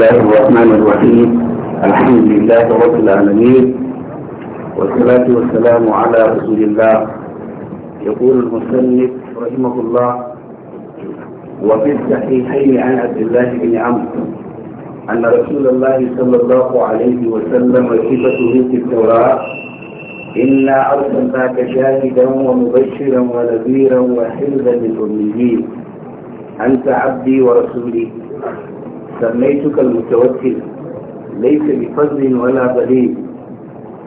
الله الرحمن الرحيم الحمد لله رب العالمين والصلاة والسلام على رسول الله يقول المسلم رحمه الله وفي الصحيحين عن عبد الله بن عمرو أن رسول الله صلى الله عليه وسلم وصفته في التوراة إنا أرسلناك شاهدا ومبشرا ونذيرا وحلا للأميين أنت عبدي ورسولي سميتك المتوكل ليس بفضل ولا بليد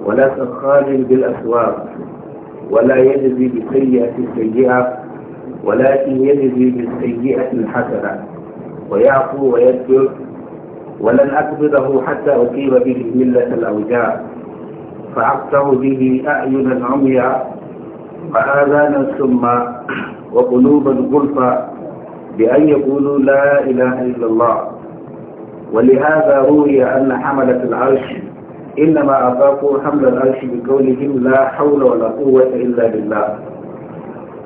ولا سخال بالأسواق ولا يجزي بسيئة السيئة ولكن يجزي بالسيئة الحسنة ويعفو ويذكر ولن أقبضه حتى أصيب به ملة الأوجاع فأقطع به أعينا عميا وآذانا سما وقلوبا غلفا بأن يقولوا لا إله إلا الله ولهذا روي أن حملة العرش إنما أطاقوا حمل العرش بقولهم لا حول ولا قوة إلا بالله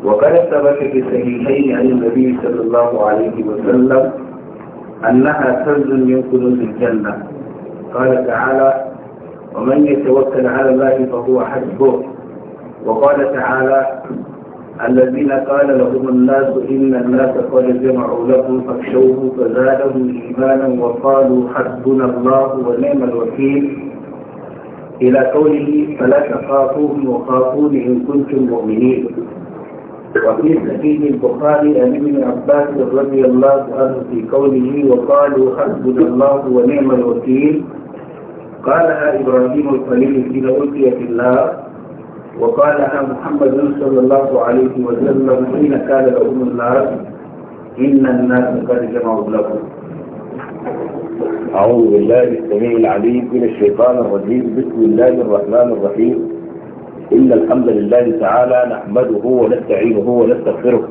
وقد ثبت في الصحيحين عن النبي صلى الله عليه وسلم أنها كنز من كنوز الجنة قال تعالى ومن يتوكل على الله فهو حسبه وقال تعالى الذين قال لهم الناس إن الناس قد جمعوا لكم فاخشوه فزادهم إيمانا وقالوا حسبنا الله ونعم الوكيل إلى قوله فلا تخافوهم وخافون إن كنتم مؤمنين وفي سبيل البخاري عن ابن عباس رضي الله عنه في قوله وقالوا حسبنا الله ونعم الوكيل قالها إبراهيم الخليل حين ألقي في الله وقالها محمد صلى الله عليه وسلم حين قال لهم الناس إن الناس قد جمعوا لكم أعوذ بالله السميع العليم من الشيطان الرجيم بسم الله الرحمن الرحيم إن الحمد لله تعالى نحمده ونستعينه ونستغفره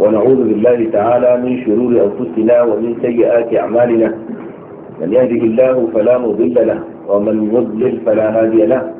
ونعوذ بالله تعالى من شرور أنفسنا ومن سيئات أعمالنا من يهده الله فلا مضل له ومن يضلل فلا هادي له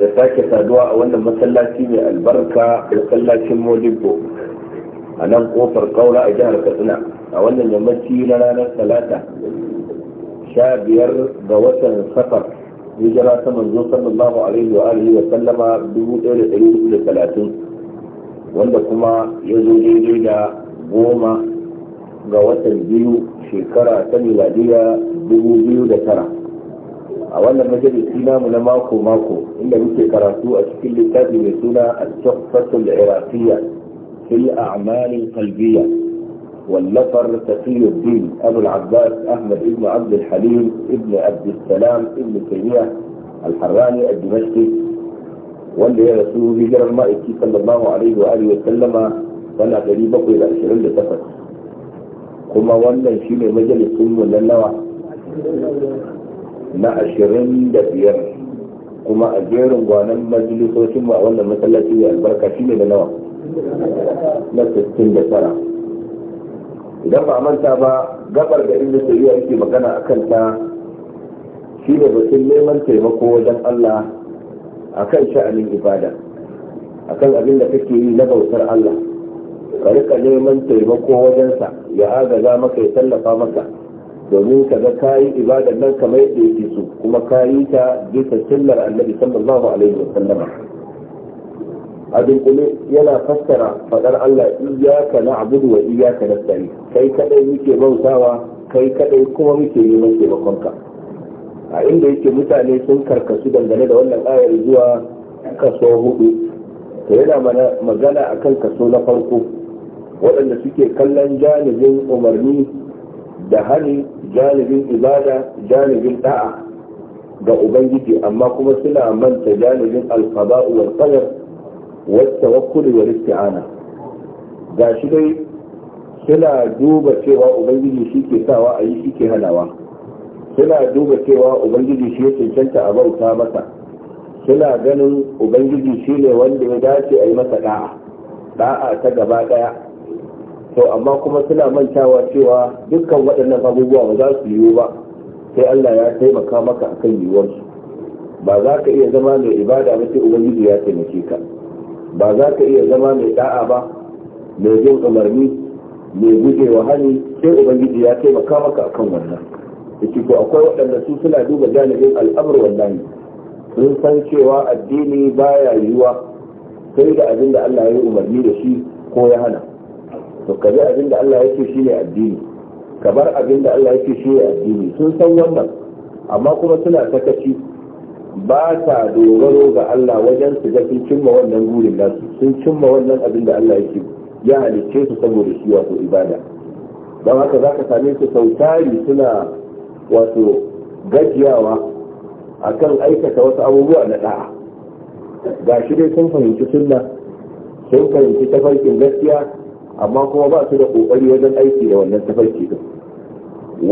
da sake saduwa a wannan masallaci mai albarka masallacin modibbo a nan kofar kaura a jihar katsina a wannan yammaci na ranar talata sha biyar ga watan safar hijira ta manzo sallallahu alaihi wa alihi wa sallama dubu wanda kuma ya zo daidai da goma ga watan biyu shekara ta miladiya dubu biyu da tara a wannan majalisi namu na mako mako inda muke karatu a cikin littafi mai suna al-tuhfatul iraqiyya fi a'mal qalbiyya والنفر تقي الدين ابو العباس احمد ibn عبد الحليم ابن عبد السلام ابن تيميه الحراني الدمشقي wanda ya rasu hijirar ma'aiki sallallahu alaihi wa alihi wa sallama sana ɗari kuma wannan shine majalisun mu na nawa na ashirin da biyar kuma a jerin gwanon majalisocin ba wannan masallaci ya albarka shi ne da nawa na 69 idan ba manta ba gabar da inda shari'a yake magana a kanta shi ne batun neman taimako wajen Allah a kan sha'anin ibada a kan abin da kake yi na bautar Allah ka rika neman taimako wajensa ya agaza maka ya tallafa maka domin ka ga kayi ibadar nan kamar yadda yake so kuma kayi ta bisa sunnar annabi sallallahu alaihi wa sallama a dunkule yana fassara fadar Allah iyyaka na'budu wa iyyaka nasta'in kai kadai muke bautawa kai kadai kuma muke neman taimakonka a inda yake mutane sun karkasu dangane da wannan ayar zuwa kaso hudu to yana magana akan kaso na farko waɗanda suke kallon janibin umarni da hani janibin ibada janibin da'a ga ubangiji amma kuma suna manta janibin alqada'u wal qadar wat tawakkul wal isti'ana shi dai suna duba cewa ubangiji shi ke sawa a yi shi ke halawa suna duba cewa ubangiji shi ya cancanta a bauta masa suna ganin ubangiji shi ne wanda ya dace a yi masa da'a da'a ta gaba daya to amma kuma suna mantawa cewa dukkan waɗannan abubuwa ba za su yiwu ba sai Allah ya taimaka maka akan yiwuwarsu ba za ka iya zama mai ibada ba sai ubangiji ya taimake ka ba za ka iya zama mai da'a ba mai jin umarni mai guje wa hali sai ubangiji ya taimaka maka akan wannan yake ko akwai waɗanda su suna duba janibin al'amur wannan sun san cewa addini baya yiwuwa sai da abin da Allah ya yi umarni da shi ko ya hana to ka bi abin da Allah yake shi ne addini ka bar abin da Allah yake shi ne addini sun san wannan amma kuma suna sakaci ba sa dogaro ga Allah wajen su ga sun cimma wannan burin su sun cimma wannan abin da Allah yake ya halicce su saboda shi wato ibada don haka za ka same su sautari suna wato gajiyawa akan aikata wasu abubuwa na da'a ga shi dai sun fahimci sunna sun fahimci tafarkin gaskiya amma kuma ba su da kokari wajen aiki da wannan tafarki din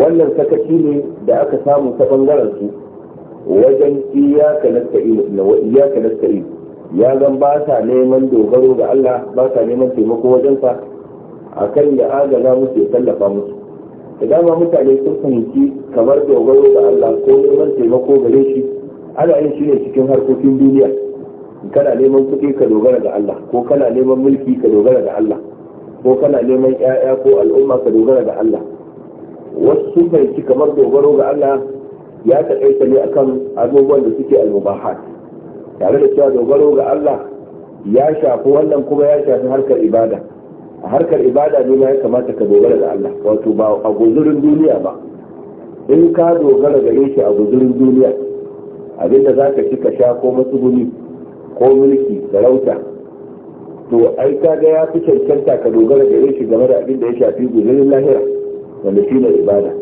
wannan sakaci ne da aka samu ta bangaren su wajen iyaka nasta'in na wa iyaka nasta'in ya zan ba sa neman dogaro ga Allah ba sa neman taimako wajen sa akan ya agaza musu ya tallafa musu da dama mutane sun fahimci kamar dogaro ga Allah ko neman taimako gare shi ana yin shi ne cikin harkokin duniya kana neman kuɗi ka dogara ga Allah ko kana neman mulki ka dogara ga Allah ko kana neman ƴaƴa ko al'umma ka dogara ga Allah wasu sun fahimci kamar dogaro ga Allah ya taƙaita ne akan abubuwan da suke al-mubahat tare da cewa dogaro ga Allah ya shafi wannan kuma ya shafi harkar ibada a harkar ibada ne ya kamata ka dogara ga Allah wato ba a guzurin duniya ba in ka dogara gare shi a guzurin duniya abinda za ka ci ka sha ko matsuguni ko mulki sarauta to ai kaga ya fi cancanta ka dogara da shi game da abin da ya shafi gudunin lahira wanda shi ne ibada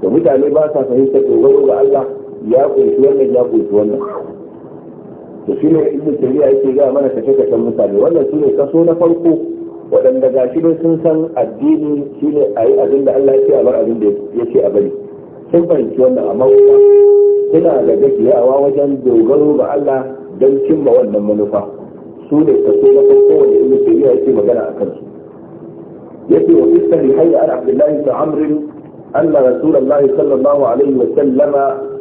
da mutane ba sa fahimtar dogaro ga Allah ya kunshi wannan ya kunshi wannan to shi ne ibnu ya yake ga mana kace kace mutane wannan shi ne kaso na farko waɗanda ga shi ne sun san addini shi ne a yi abin da Allah ya ce a bar abin da ya ce a bari sun fahimci wannan amma kuma suna da gajiyawa wajen dogaro ga Allah don cimma wannan manufa su ne kaso na farko wanda ibn taymiya yake magana a kansu yake wa fi sahihai an abdullahi ta amrin أن رسول الله صلى الله عليه وسلم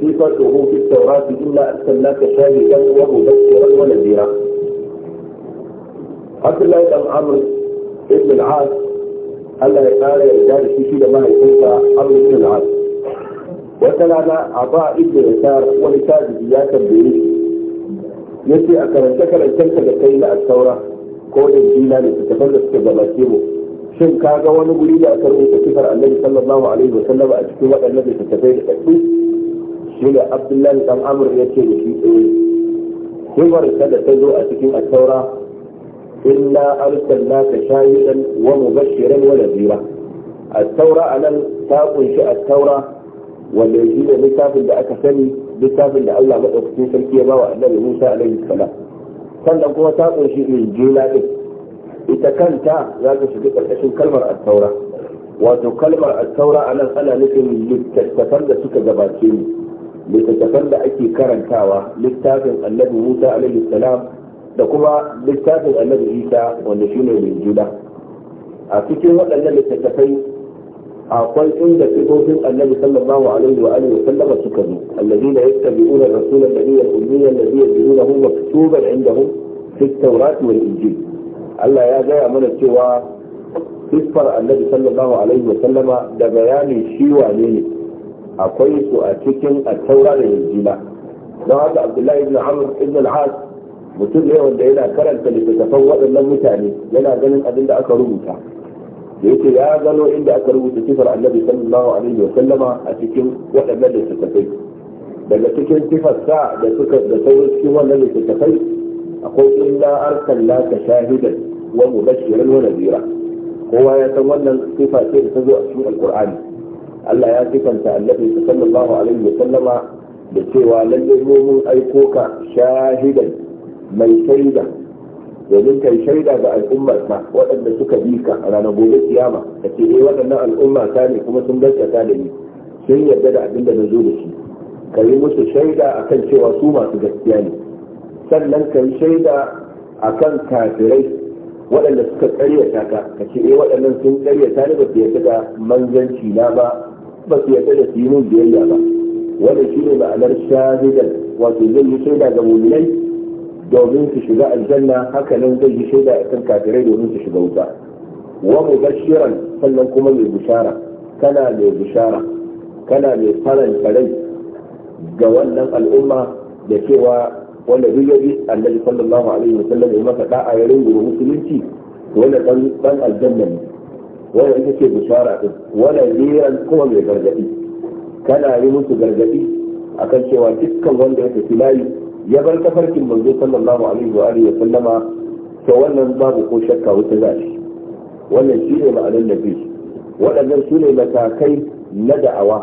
صفته في التوراة إلا أرسلناك شاهدا ومبشرا ونذيرا. عبد الله بن عمرو بن العاص Allah ya kara yarda da shi da mahaifinsa Amr ibn al-As wata rana a ba ibn Yasar wani tabi'i ya tambaye shi yace a karanta ka da kai da attaura ko da jila da littattafan da suka gabace mu shin ka ga wani guri da aka rubuta sifar annabi sallallahu alaihi wa sallam a cikin waɗannan littattafai da ɗaɗɗu shi da abdullahi dan amr ya ce da shi tsaye sifar ta da ta zo a cikin attaura inna ka shahidan wa mubashiran wa nadira attaura anan ta kunshi attaura wanda yake da littafin da aka sani littafin da Allah madaukakin sarki ya bawa annabi Musa alaihi salam sannan kuma ta kunshi injila din ita kanta za ta shiga karkashin kalmar at wato kalmar at a anan ana nufin littattafan da suka gabace ni littattafan da ake karantawa littafin annabi Musa alaihi salam da kuma littafin annabi Isa wanda shine injila a cikin waɗannan littattafai أقول إن تقول النبي صلى الله عليه وآله وسلم سكنوا الذين يتبعون الرسول النبي الأمي الذي يجدونه مكتوبا عندهم في التوراة والإنجيل ألا يا جاي من سوى تسفر النبي صلى الله عليه وسلم دبيان شيوى لي أقول سؤالتكم التوراة والإنجيل لا نعم، هذا عبد الله بن عمر بن العاص متبعه وانده إلى كرنة لتتفوض النمتاني لنا جنن أدل أكرمتا da yake ya gano inda aka rubuta sifar annabi sallallahu alaihi wa sallama a cikin waɗannan littattafai daga cikin sifar sa da suka da sauran cikin wannan littattafai akwai inna arsalna ka shahidan wa mubashiran wa nadira kowa ya san wannan sifa ce da ta zo a cikin alqur'ani Allah ya sifanta annabi sallallahu alaihi wa sallama da cewa lalle mun aiko ka shahidan mai shaida domin kai shaida ga al'ummar ka waɗanda suka bi ka a ranar gobe kiyama ka ce 'Yi eh, waɗannan al'umma ta ne kuma sun gaskata da ni sun yarda da abin da na zo da shi ka yi musu shaida a kan cewa su masu gaskiya ne sannan ka yi shaida kan kafirai waɗanda suka ƙaryata ka ka ce eh waɗannan sun ƙaryata ne ba su yarda da manzanci na ba ba su yarda da su yi biyayya ba wannan ne ma'anar shahidan wato zai yi shaida ga muminai domin su shiga aljanna hakanan zai yi shaida a kan kafirai domin su shiga wuta wa mubashiran sannan kuma mai bishara kana mai bishara kana mai faranta rai ga wannan al'umma da cewa wanda duk yabi annabi sallallahu alaihi wa sallam ya masa da'a ya musulunci wanda dan dan aljanna ne wanda ita ce bishara din wanda liran kuma mai gargadi kana yi musu gargadi akan cewa dukkan wanda ya tafi layi ya bar tafarkin manzo sallallahu alaihi wa alihi wa sallama to wannan babu ko shakka wata za shi wannan shi ne ma'anar nabi waɗannan su ne matakai na da'awa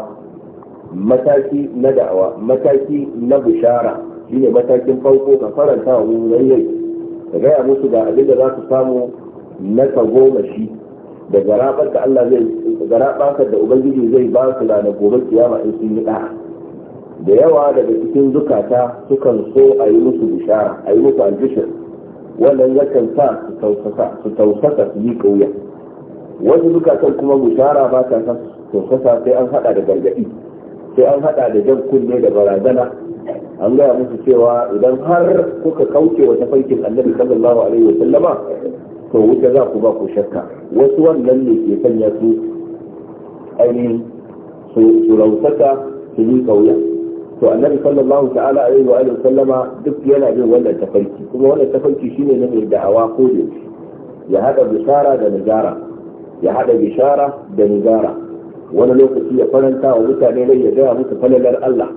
mataki na da'awa mataki na bushara shi ne matakin farko ka faranta wa mummunai ka gaya musu ga abin da za ku samu na shi da garaɓar da Allah zai garaɓar da Ubangiji zai ba su na gobe kiyama in sun yi ɗa'a da yawa daga cikin zukata sukan so a yi musu bishara a yi musu aljishir wannan yakan sa su tausasa su yi kauya wasu zukatan kuma bishara ba ta sa su tausasa sai an hada da gargaɗi sai an hada da jan kunne da barazana an gaya musu cewa idan har kuka kauce wa tafarkin annabi sallallahu alaihi wa sallama to wuce za ku ba ku shakka wasu wannan ne ke sanya su ainihin su rausata su yi kauya to annabi sallallahu ta'ala alaihi wa alihi sallama duk yana bin wannan tafarki kuma wannan tafarki shine na mai da'awa ko da ya hada bishara da nizara ya hada bishara da nizara wani lokaci ya faranta wa mutane rai ya gaya musu falalar Allah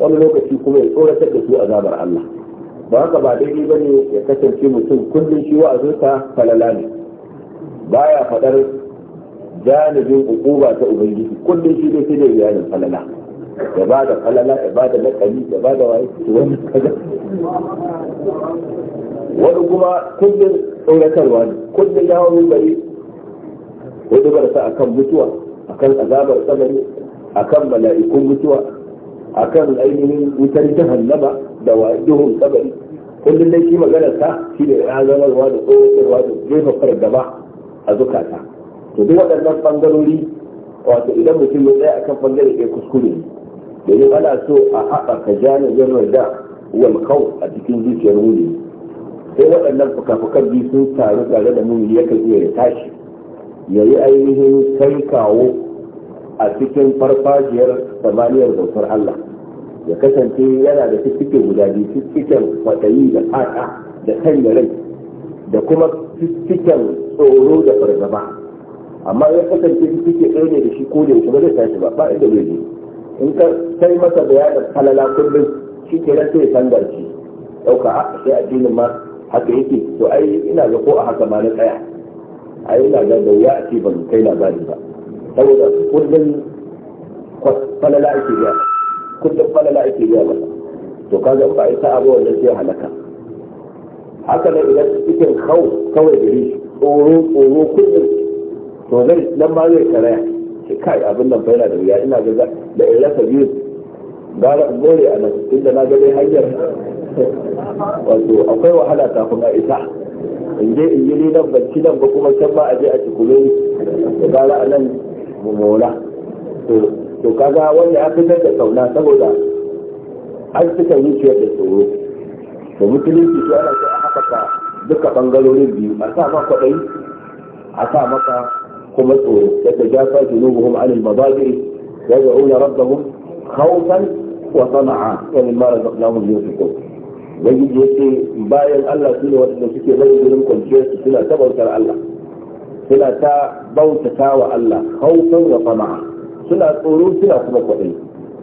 wani lokaci kuma ya tsoratar da su azabar Allah ba haka ba daidai bane ya kasance mutum kullum shi wa'azinsa falala ne baya fadar janibin ukuba ta ubangiji kullum shi dai sai da falala ya ba da falala ya ba da lakari ya ba da waye wani kaza wani kuma kullum tsoratarwa ne kullum ya hau bari wani barsa akan mutuwa akan azabar tsanani akan mala'ikun mutuwa akan ainihin wutar jahannama da waye duhun kabari kullum dai shi maganar sa shi ne razamarwa da tsoratarwa da jefa fargaba a zukata to duk waɗannan bangarori wato idan mutum ya tsaya akan bangare ɗaya kuskure ne domin ana so a haɓaka janibin da wal kau a cikin zuciyar mumini sai waɗannan fuka-fukan biyu sun taru tare da mumini ya kai ya tashi ya yi ainihin kai kawo a cikin farfajiyar samaniyar bautar Allah ya kasance yana da cikin guda biyu fiffiken da fata da kan rai da kuma cikin tsoro da fargaba amma ya kasance cikin ɗaya ne da shi ko da shi ba zai tashi ba ba inda zai je in ka kai masa bayanin kalala kullum shi ke na sai sangarci ɗauka a ah, sai addinin ma haka yake to ai ina ga ko a haka ma na tsaya ai ina ga da wuya a ce ban kai labari ba saboda kullum falala ake biya kullum falala ake biya masa to kaga ba ita abu wannan sai halaka haka ne idan cikin kau kawai gari tsoro tsoro kullum to zai nan ma zai karaya ce kai abin nan fa yana da wuya ina ga da in rasa biyu gara in gore a nan inda na ga dai hanyar wato akwai wahala kafin a isa in je in yi ni nan ban ci nan ba kuma can ba a je a ci ni da gara a nan mu mora to kaga wani an fitar da kauna saboda an cika zuciyar da tsoro da musulunci su ana so a haɓaka duka ɓangarorin biyu a sa maka kwaɗayi, a sa maka kuma tsoro yatajafa junubuhum anil madajiri yad'una rabbahum khawfan wa tama'a wa mimma razaqnahum yunfiqun wani yake bayan Allah su ne waɗanda suke bari gurin kwanciyar suna ta bautar Allah suna ta bautata wa Allah khawfan wa fama, suna tsoro suna kuma kwaɗayi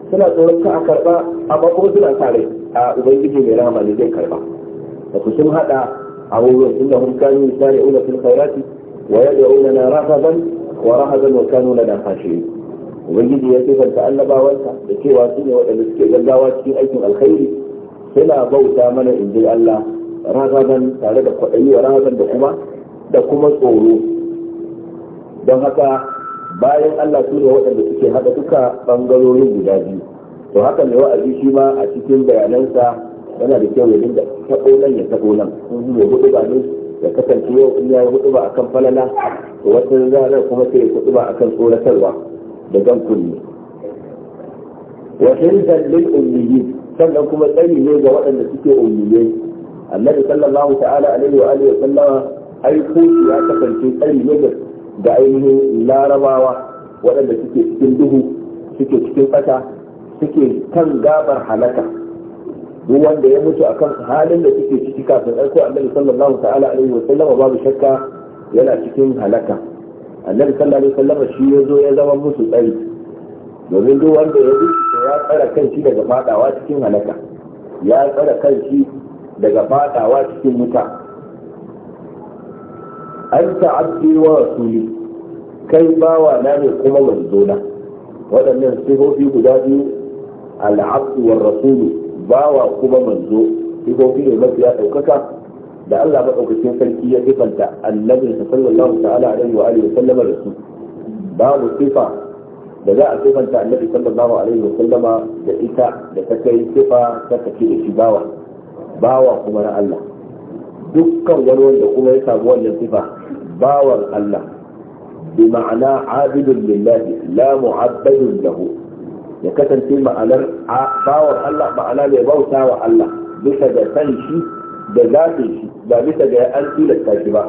suna tsoron ka a karɓa amma kuma suna tare a ubangiji mai rahama ne zai karɓa Da wato sun haɗa a wurin inda hun kanu sari'una fil khairati ويدعوننا رغبا ورهبا وكانوا لنا خاشعين ubangiji ya sifanta annabawansa da cewa su ne waɗanda suke gaggawa cikin aikin alkhairi suna bauta mana in ji Allah ragaban tare da kwaɗayi wa ragaban da kuma da kuma tsoro don haka bayan Allah su ne waɗanda suke haɗa duka ɓangarorin guda biyu to haka mai wa'azi shi ma a cikin bayanansa yana da kyau ya dinga taɓo nan ya taɓo nan sun ya hudu ba ne ya kasance yau in ya hudu ba akan falala to wata ranar kuma sai ya hudu ba akan tsoratarwa da gan kunne wa hirzan lil ummiyin sannan kuma tsari ne ga waɗanda suke ummiyai annabi sallallahu ta'ala alaihi wa alihi sallama ai ya kasance tsari ne ga ainihin larabawa waɗanda suke cikin duhu suke cikin fata suke kan gabar halaka duk wanda ya mutu akan halin da suke ciki kafin aiko annabi sallallahu ta'ala alaihi wa sallama babu shakka yana cikin halaka annabi sallallahu alaihi wa sallama shi ya zo ya zama musu tsari domin duk wanda ya bi ya tsara kanshi daga fadawa cikin halaka ya tsara kanshi daga fadawa cikin wuta anta abdi wa rasuli kai bawa na ne kuma na waɗannan sifofi guda biyu al-abdu wa rasulu bawa kuma manzo sifofi ne ya ɗaukaka da Allah maɗaukakin sarki ya sifanta annabin sa sallallahu ta'ala alaihi wa alihi sallama da su babu sifa da za a sifanta annabi sallallahu alaihi wa sallama da ita da ta kai sifa ta tafi da shi bawa bawa kuma na Allah dukkan wani wanda kuma ya samu wannan sifa bawan Allah bi ma'ana abidun lillahi la mu'abbadun lahu ya kasance ma'anar bawan Allah ma'ana mai bauta wa Allah bisa ga san shi da zafin shi ba bisa ga an tilasta shi ba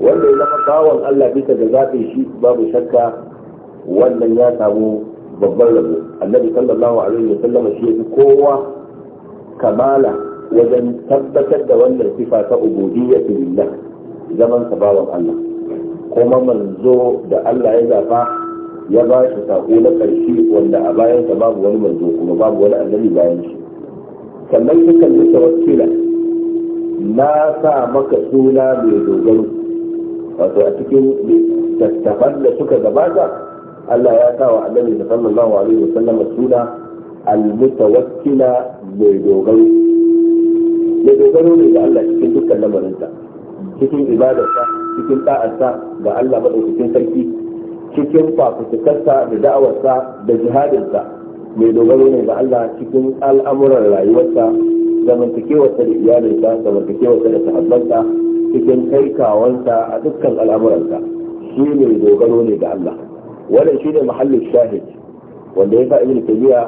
wanda ya zama bawan Allah bisa ga zafin shi babu shakka wannan ya samu babban rabo annabi sallallahu alaihi wa sallam shi ya kowa kamala wajen tabbatar da wannan sifa ta ubudiyyatu lillah zaman sa bawan Allah kuma manzo da Allah ya zafa ya ba shi sako na ƙarshe wanda a bayansa babu wani manzo kuma babu wani annabi bayan shi sannan ya kalli tawakkila na sa maka suna mai dogaro wato a cikin littattafan da suka gabata Allah ya sa wa annabi sallallahu alaihi wasallam suna al-mutawakkila mai dogaro mai dogaro ne ga Allah cikin dukkan lamarinsa cikin ibadarsa cikin da'arsa ga Allah madaukakin sarki cikin fafutukarsa da da'awarsa da jihadinsa mai dogaro ne ga Allah cikin al'amuran rayuwarsa zamantakewarsa da iyalinsa zamantakewarsa da sahabbansa cikin kaikawansa a dukkan al'amuransa shi ne dogaro ne ga Allah wannan shi ne muhallin shahid wanda ya sa ibn tabiya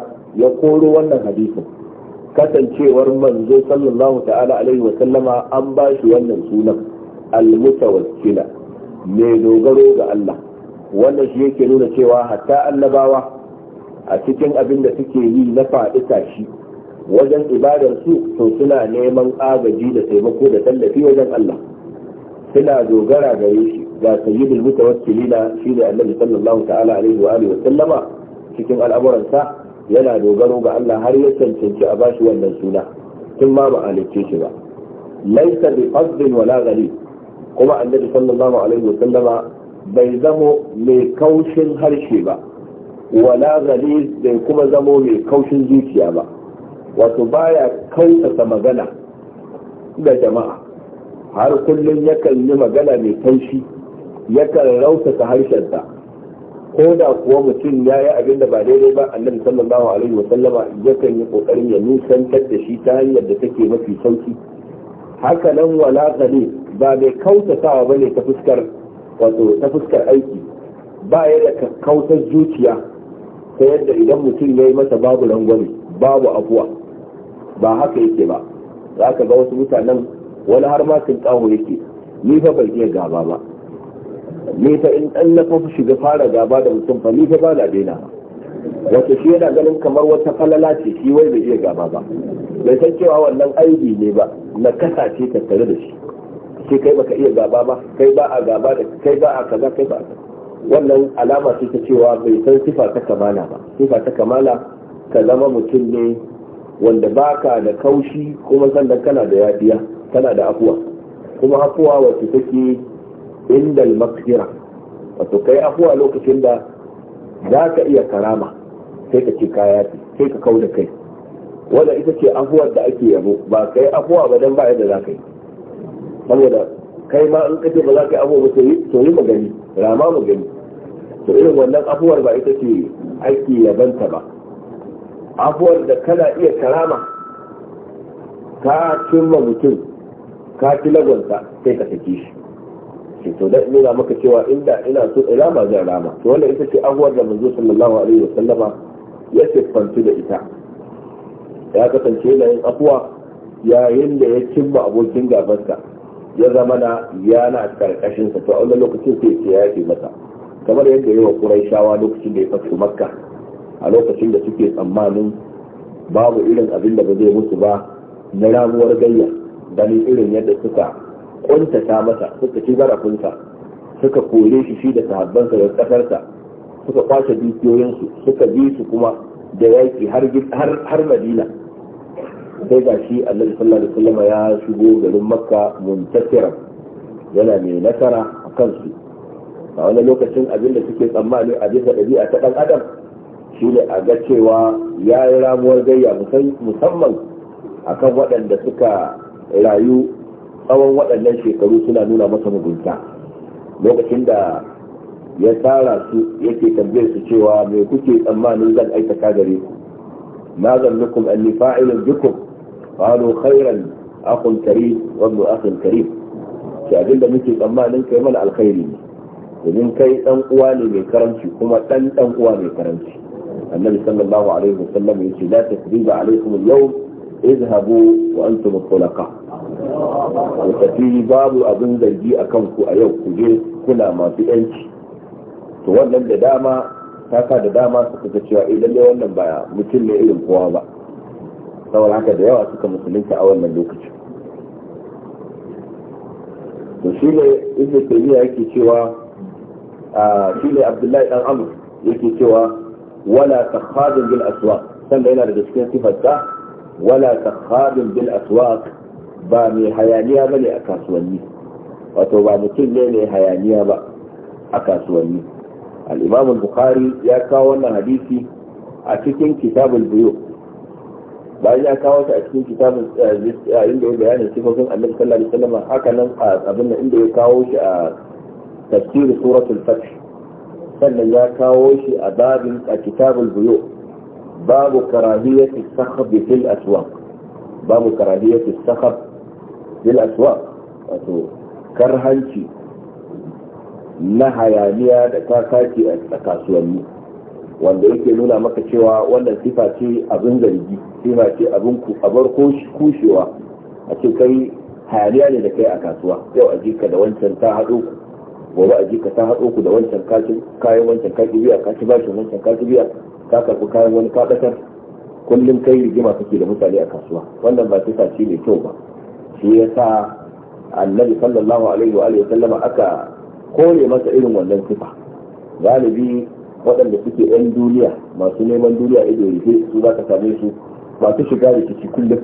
ya koro wannan hadisin kasancewar manzo sallallahu ta'ala alaihi wa sallama an ba shi wannan sunan al-mutawakkila mai dogaro ga Allah wannan shi yake nuna cewa hatta annabawa a cikin abin da suke yi na faɗi shi wajen ibadar su to suna neman agaji da taimako da tallafi wajen Allah suna dogara gare shi ga sayyidul mutawakkilina shine annabi sallallahu ta'ala alaihi wa alihi wa sallama cikin al'amuransa yana dogaro ga Allah har ya cancanci a bashi wannan suna tun ma ba shi ba laisa bi qasdin wala ghalib kuma annabi sallallahu alaihi wa sallama bai zamo mai kaushin harshe ba wala ghaliz bai kuma zamo mai kaushin zuciya ba wato baya kautata magana ga jama'a har kullum yakan yi magana mai taushi yakan harshen ta. ko da kuwa mutum ya yi abin da ba daidai ba annabi sallallahu alaihi wa sallama yakan yi kokarin ya nusantar da shi ta hanyar da take mafi sauki haka nan wala ba mai kautatawa bane ta fuskar wato ta fuskar aiki ba ya da kakkautar zuciya ta yadda idan mutum ya yi masa babu rangwani babu abuwa ba haka yake ba za ka ga wasu mutanen wani har ma sun kawo yake ni fa ban iya gaba ba ni fa in dan na fa shiga fara gaba da mutum fa ni fa ba na daina wato shi yana ganin kamar wata falala ce shi wai bai iya gaba ba bai san cewa wannan aiki ne ba na kasa ce tattare da shi ce kai baka iya gaba ba kai ba a gaba da kai ba a kaza kai ba wannan alama ce ta cewa bai san sifa ta kamala ba sifa ta kamala ka zama mutum ne wanda baka da kaushi kuma sannan kana da yafiya kana da afuwa kuma afuwa wacce take inda al-maghfira wato kai afuwa lokacin da za ka iya karama sai ka ce kaya sai ka kau kai wanda ita ce afuwar da ake yabo ba kai afuwa ba dan ba yadda za ka yi saboda kai ma in kace ba za ka yi abubuwa ba to yi magani rama magani to irin wannan afuwar ba ita ce aiki yabanta ba afuwar da kana iya karama ka cimma mutum ka ci lagonsa sai ka saki shi shi to dan nuna maka cewa inda ina so ina ma zan rama to wannan ita ce afuwar da manzo sallallahu alaihi wasallama ya siffantu da ita ya kasance yana yin afuwa yayin da ya cimma abokin gabansa ya zama na yana karkashin sa to a wannan lokacin sai ya yake masa kamar yadda yawa Qurayshawa lokacin da ya fasu Makka a lokacin da suke tsammanin babu irin abin da ba zai musu ba na ramuwar gayya ganin irin yadda suka kuntata masa suka ci zarafinsa suka kore shi shi da sahabbansa da kasarsa suka kwashe dukiyoyinsu suka bi su kuma da yaki har Madina sai ga shi annabi sallallahu alaihi wasallam ya shigo garin makka muntasira yana mai nasara a kansu a wani lokacin abin da suke tsammani a bisa ɗabi'a ta ɗan adam shi ne a ga cewa ya yi ramuwar gayya musamman akan waɗanda suka rayu tsawon waɗannan shekaru suna nuna masa mugunta lokacin da ya tsara su yake tambayar su cewa me kuke tsammanin zan aikata gare ku na zan nukun anni fa'ilun bikum قالوا خيرا أخ كريم وابن أخ كريم muke tsammanin kai mana alkhairi ne domin kai dan uwa ne mai karanci kuma dan dan uwa mai karanci annabi sallallahu alaihi wasallam yace la tasriba alaikum al-yawm izhabu wa antum khulaqa tafi babu abin zargi a ku a yau ku je kuna masu yanci to wannan da dama ta da dama suka ga cewa eh lalle wannan ba mutum ne irin kowa ba saboda haka da yawa suka musulunta a wannan lokaci to shi ne ibn taymiya yake cewa shi ne abdullahi dan amr yake cewa wala takhadun bil aswa sanda yana da cikin sifarsa wala takhadun bil aswa ba mai hayaniya ba ne a kasuwanni wato ba mutum ne mai hayaniya ba a kasuwanni al-imam al-bukhari ya kawo wannan hadisi a cikin kitabul buyu bayan ya kawo ta a cikin kitabun eh, eh, inda ya bayanin sifofin annabi sallallahu alaihi wasallam haka nan abin da inda ya kawo shi a tafsirin suratul fath sannan ya kawo shi a babin a kitabul buyu babu karahiyati sakhab fil aswaq babu karahiyati sakhab fil aswaq wato karhanci na hayaniya da kakaci a kasuwanni wanda yake nuna maka cewa wannan sifa ce abin zargi sifa ce abin abar kushewa a ce kai hayaniya ne da kai a kasuwa yau a jika da wancan ta haɗo ku gobe a jika ta haɗo ku da wancan kayan wancan kaki biya ka ci bashin wancan kaki biya ka karɓi kayan wani kaɗakar kullum kai rigima kake da mutane a kasuwa wannan ba sifa ce mai kyau ba shi ya sa annabi sallallahu alaihi wa sallama aka kore masa irin wannan sifa galibi waɗanda suke 'yan duniya masu neman duniya ido rufe su za ka same su masu shiga da ciki kullum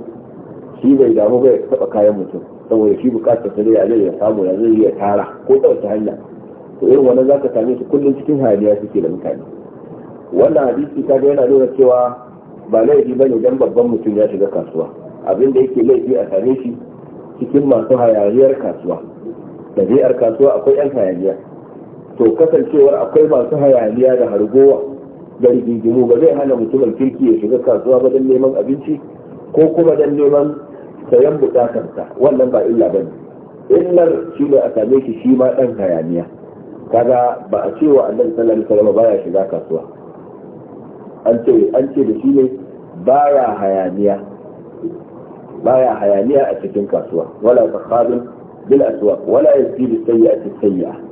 shi bai damu ba ya taɓa kayan mutum saboda shi bukatar sa a zai ya samu ya zai ya tara ko ta wata hanya to irin wannan za ka same su kullum cikin hayaniya suke da mutane wannan hadisi ta yana nuna cewa ba laifi ba ne dan babban mutum ya shiga kasuwa abin da yake laifi a same shi cikin masu hayaniyar kasuwa ɗabi'ar kasuwa akwai 'yan hayaniya to kasancewar akwai masu hayaniya da hargowa da rigingimu ba zai hana mutumin kirki ya shiga kasuwa ba don neman abinci ko kuma don neman sayan bukatarsa wannan ba illa ba ne illar shi ne a same shi shi ma ɗan hayaniya kaga ba a cewa annabi sallallahu alaihi wasallam baya shiga kasuwa an ce an ce da shi ne baya hayaniya baya hayaniya a cikin kasuwa wala takhadun bil aswaq wala yazid sayyi'at sayyi'a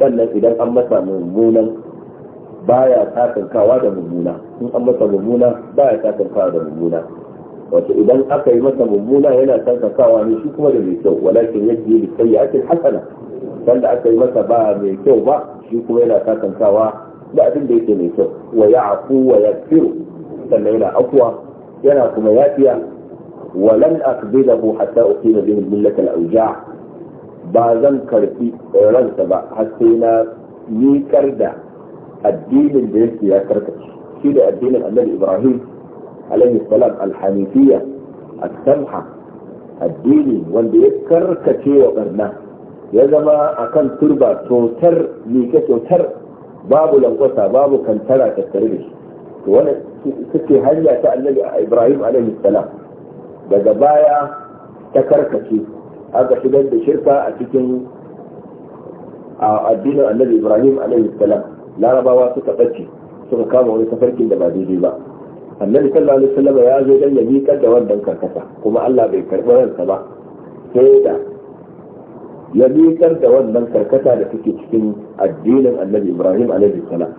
wannan idan an masa mummunan baya takankawa da mummuna in an masa mummuna baya takankawa da mummuna wato idan aka yi masa mummuna yana takankawa ne shi kuma da mai kyau walakin yadda yi sayyatin hasana sanda aka yi masa ba mai kyau ba shi kuma yana takankawa da abin da yake mai kyau wa ya'fu wa yaghfiru sannan yana afwa yana kuma yafiya ولن hatta حتى da به الملة الأوجاع ba zan karfi ransa ba har sai na miƙar da addinin da yake ya karkace shi da addinin annabi ibrahim alaihi salam alhanifiyya as-samha addini wanda ya karkace wa barna ya zama akan turba totar miƙe totar babu lankwasa babu kantara tattare da shi to wannan suke hanya ta annabi ibrahim alaihi salam daga baya ta karkace aka shigar da shirka a cikin addinin annabi ibrahim alaihi salam larabawa suka ɓace suka kama wani tafarkin da ba daidai ba annabi sallallahu alaihi wasallam ya zo dan ya miƙar da wannan karkasa kuma Allah bai karɓi ransa ba sai da ya miƙar da wannan karkata da take cikin addinin annabi ibrahim alaihi salam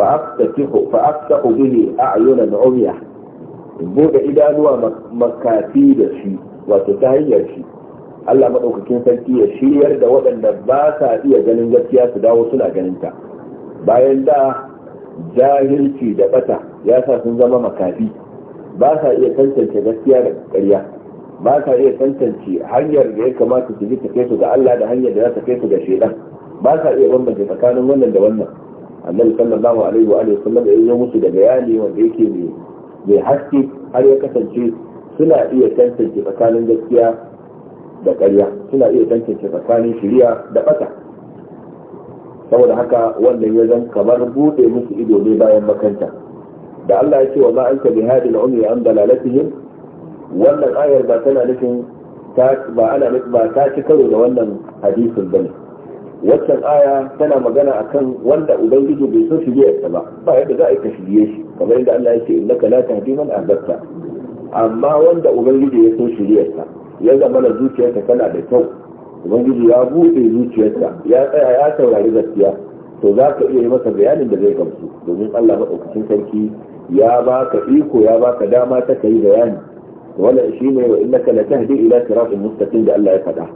fa aftahu fa aftahu bihi a'yunan umiya in bude idanuwa makafi da shi wato ta hanyar shi Allah maɗaukakin sarki ya shiryar da waɗanda ba sa iya ganin gaskiya su dawo suna ganin ta bayan da jahilci da bata ya sa sun zama makafi ba sa iya tantance gaskiya da ƙarya ba sa iya tantance hanyar da ya kamata su ji tafe su ga Allah da hanyar da za ta kai su ga shaidan, ba sa iya bambance tsakanin wannan da wannan annabi sallallahu alaihi wa alihi sallam ya yi musu da bayani wanda yake mai haske har ya kasance suna iya tantance tsakanin gaskiya da ƙarya suna iya tantance tsakanin shiriya da ɓata saboda haka wannan ya zan kamar buɗe musu ido ne bayan makanta da Allah ya ce wa ma'anta bi hadi na umri an dalalatihim wannan ayar ba tana nufin ba ana ba ta ci karo da wannan hadisin bane waccan aya tana magana akan wanda ubangiji bai so shige ta ba ba yadda za a yi ka shirye shi kamar yadda Allah ya ce innaka la tahdi man ahbabta amma wanda ubangiji ya so shige ta ya zama da zuciyarka tana da kyau ubangiji ya buɗe zuciyarka ya tsaya ya saurari gaskiya to za ka iya yi masa bayanin da zai gamsu domin allah maɗaukacin sarki ya ka iko ya baka dama ta yi bayani wala shi ne wa innaka la tahdi ila siratin mustaqim da allah ya faɗa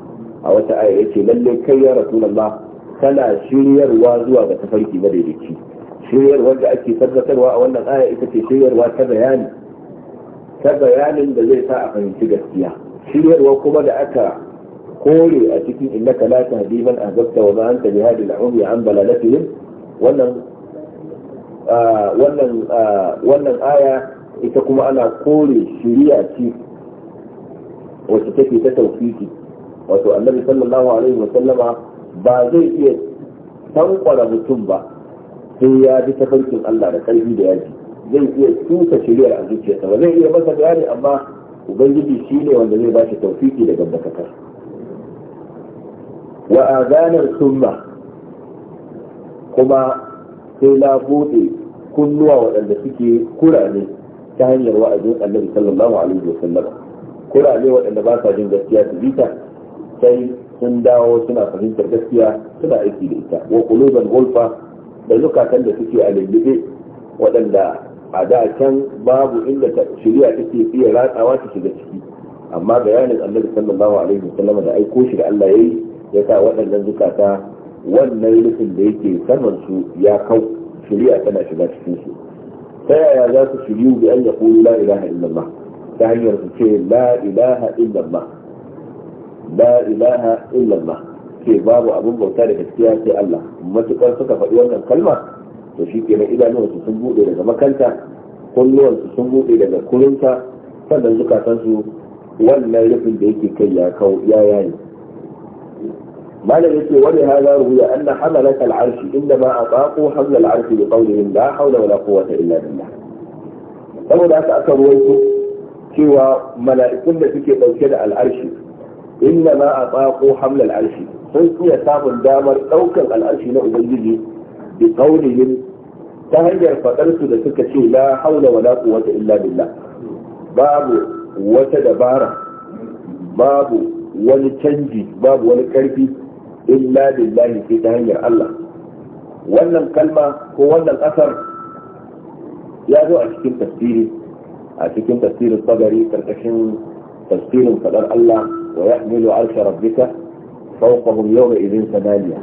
a wata aya yace lalle kai ya rasulullah kana shiryarwa zuwa ga tafarki madaidaici shiryarwa da ake tabbatarwa a wannan aya ita ce shiryarwa ta bayani ta bayanin da zai sa a fahimci gaskiya shiryarwa kuma da aka kore a cikin ka la tahdi a zafta wa ma'anta anta hadin umri an balalatihim wannan wannan wannan aya ita kuma ana kore shiriya ce wacce take ta tawfiki wato annabi sallallahu alaihi wa sallama ba zai iya tankwara mutum ba sai ya bi tafarkin Allah da karfi da yaji zai iya tuka shiriyar a zuciyarsa ba zai iya masa bayani amma ubangiji shi ne wanda zai ba shi tawfiki da gabakakar wa azanar summa kuma sai na buɗe kunnuwa waɗanda suke kurane ta hanyar wa'azin annabi sallallahu alaihi wa sallam kurane waɗanda ba sa jin gaskiya su bita sai sun dawo suna fahimtar gaskiya suna aiki da ita wa quluban gulfa da zukatan da suke a lullube waɗanda a da can babu inda shari'a take iya ratsawa ta shiga ciki amma bayanin annabi sallallahu alaihi wasallam da aiko shi da Allah yayi ya sa waɗannan zukata wannan rufin da yake saman su ya kau shari'a tana shiga cikin su ta yaya za su shiryu bi an yaqulu la ilaha illallah ta hanyar su ce la ilaha illallah la ilaha illallah ke babu abin bauta da gaskiya sai Allah matukar suka faɗi wannan kalma to shi ke idanuwansu sun buɗe daga makanta kunnuwansu sun buɗe daga kurinta sannan zukatansu wannan rufin da yake kai ya kau ya yayi malam yake wani hada ruya anna hamalat al-arshi inda ma ataqu haml al-arshi bi qawlihim la hawla wala quwwata illa billah saboda haka aka ruwaito cewa mala'ikun da suke dauke da al'arshi arshi inna ma a haml hamlal arshi sun iya samun damar daukan al'arshi arshi na ubangiji bi qawlihim ta hanyar fadar da suka ce la haula wala quwwata illa billah babu wata dabara babu wani canji babu wani karfi illa billahi sai ta hanyar Allah wannan kalma ko wannan ƙasar ya zo a cikin tafsiri a cikin tafsirin tabari karkashin tasirin fadar Allah wa yahmilu arsha rabbika fawqahum yawma idhin samaniya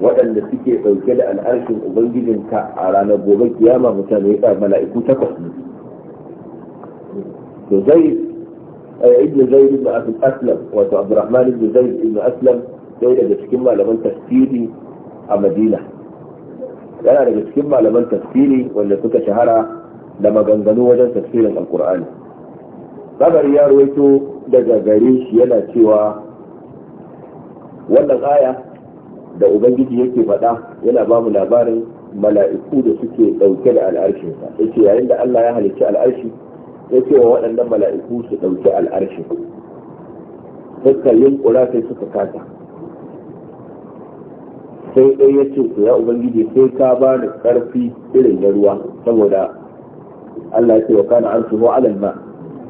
waɗanda suke ɗauke da al'arshin ubangijinka a ranar gobe kiyama mutane ya mala'iku takwas ne to zai eh, ibn zaid ibn aslam wato abdurrahman ibn zaid ibn aslam sai daga cikin malaman tafsiri a madina yana daga cikin malaman tafsiri wanda suka shahara da maganganu wajen tafsirin alkur'ani Babari ya ruwaito daga gare shi yana cewa wannan aya da ubangiji yake faɗa yana ba mu labarin mala'iku da suke ɗauke da al'arshin sa yake yayin da Allah ya halicci al'arshi yake wa waɗannan mala'iku su ɗauki al'arshin suka ƙura sai suka kasa sai ɗaya ya ce ya ubangiji sai ka ba ni ƙarfi irin na ruwa saboda Allah ya ce wa kana an tuhu alal ma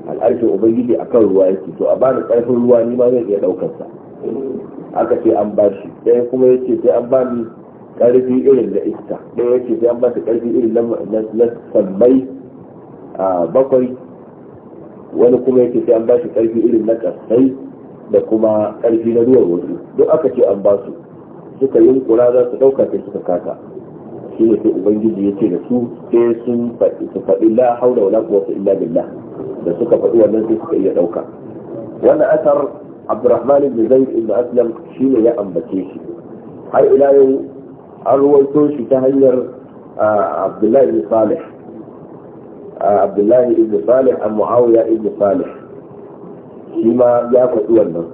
al'arshin ubangiji akan ruwa yake to a ba ni ƙarfin ruwa ni ma zan iya ɗaukar sa aka ce an ba shi ɗaya kuma ya ce sai an ba ni ƙarfi irin da iska ɗaya ya ce sai an ba ta ƙarfi irin na sammai a bakwai wani kuma ya ce sai an ba shi ƙarfi irin na ƙasai da kuma ƙarfi na ruwan wasu duk aka ce an ba su suka yi kura za su ɗauka sai suka kaka. shi ne sai ubangiji ya ce da su sai sun faɗi la haula wala quwwata illa billah da suka faɗi wannan sai suka iya ɗauka wannan asar abdurrahman ibn zaid ibn aslam shine ya ambace shi har ila yau an ruwaito shi ta hanyar abdullahi ibn salih abdullahi ibn salih an muawiya ibn salih shi ma ya faɗi wannan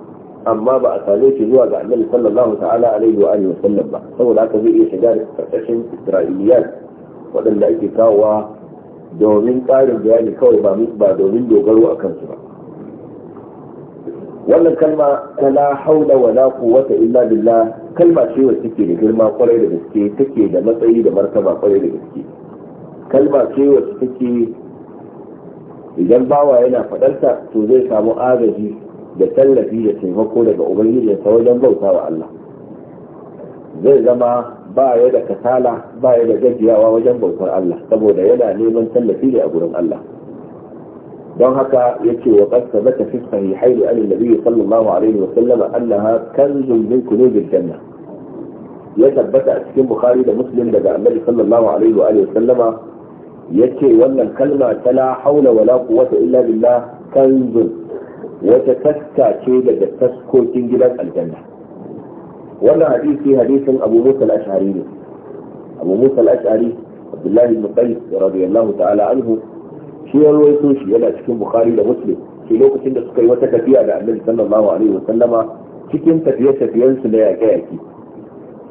amma ba a same shi zuwa ga annabi sallallahu ta'ala alaihi wa alihi wasallam ba saboda haka zai iya shiga da karkashin isra'iliyat waɗanda ake kawowa domin ƙarin bayani kawai ba domin dogaro a kansu ba wannan kalma ta la haula wa la quwwata illa billah kalma ce wacce take da girma kwarai da gaske take da matsayi da martaba kwarai da gaske kalma ce wacce take idan bawa yana fadarta to zai samu agaji da tallafi da taimako daga ubangiji ta wajen bauta Allah zai zama ba ya da kasala ba ya da gajiyawa wajen bautar Allah saboda yana neman tallafi da a gurin Allah don haka yake wa qad bata fi sahihayn an annabi sallallahu alaihi wa sallama annaha kanzun min kunuzil janna ya tabbata a cikin bukhari da muslim daga annabi sallallahu alaihi wa sallama yace wannan kalma ta la haula wala quwwata illa billah kanzun wata taska ce daga taskokin gidan aljanna wannan hadisi hadisin abu musa al-ash'ari ne abu musa al-ash'ari abdullahi ibn qais radiyallahu ta'ala anhu shi ya ruwaito shi yana cikin bukhari da muslim ke lokacin da suka yi wata tafiya da annabi sallallahu alaihi wa sallama cikin tafiye-tafiyen su na yaƙe-yaƙe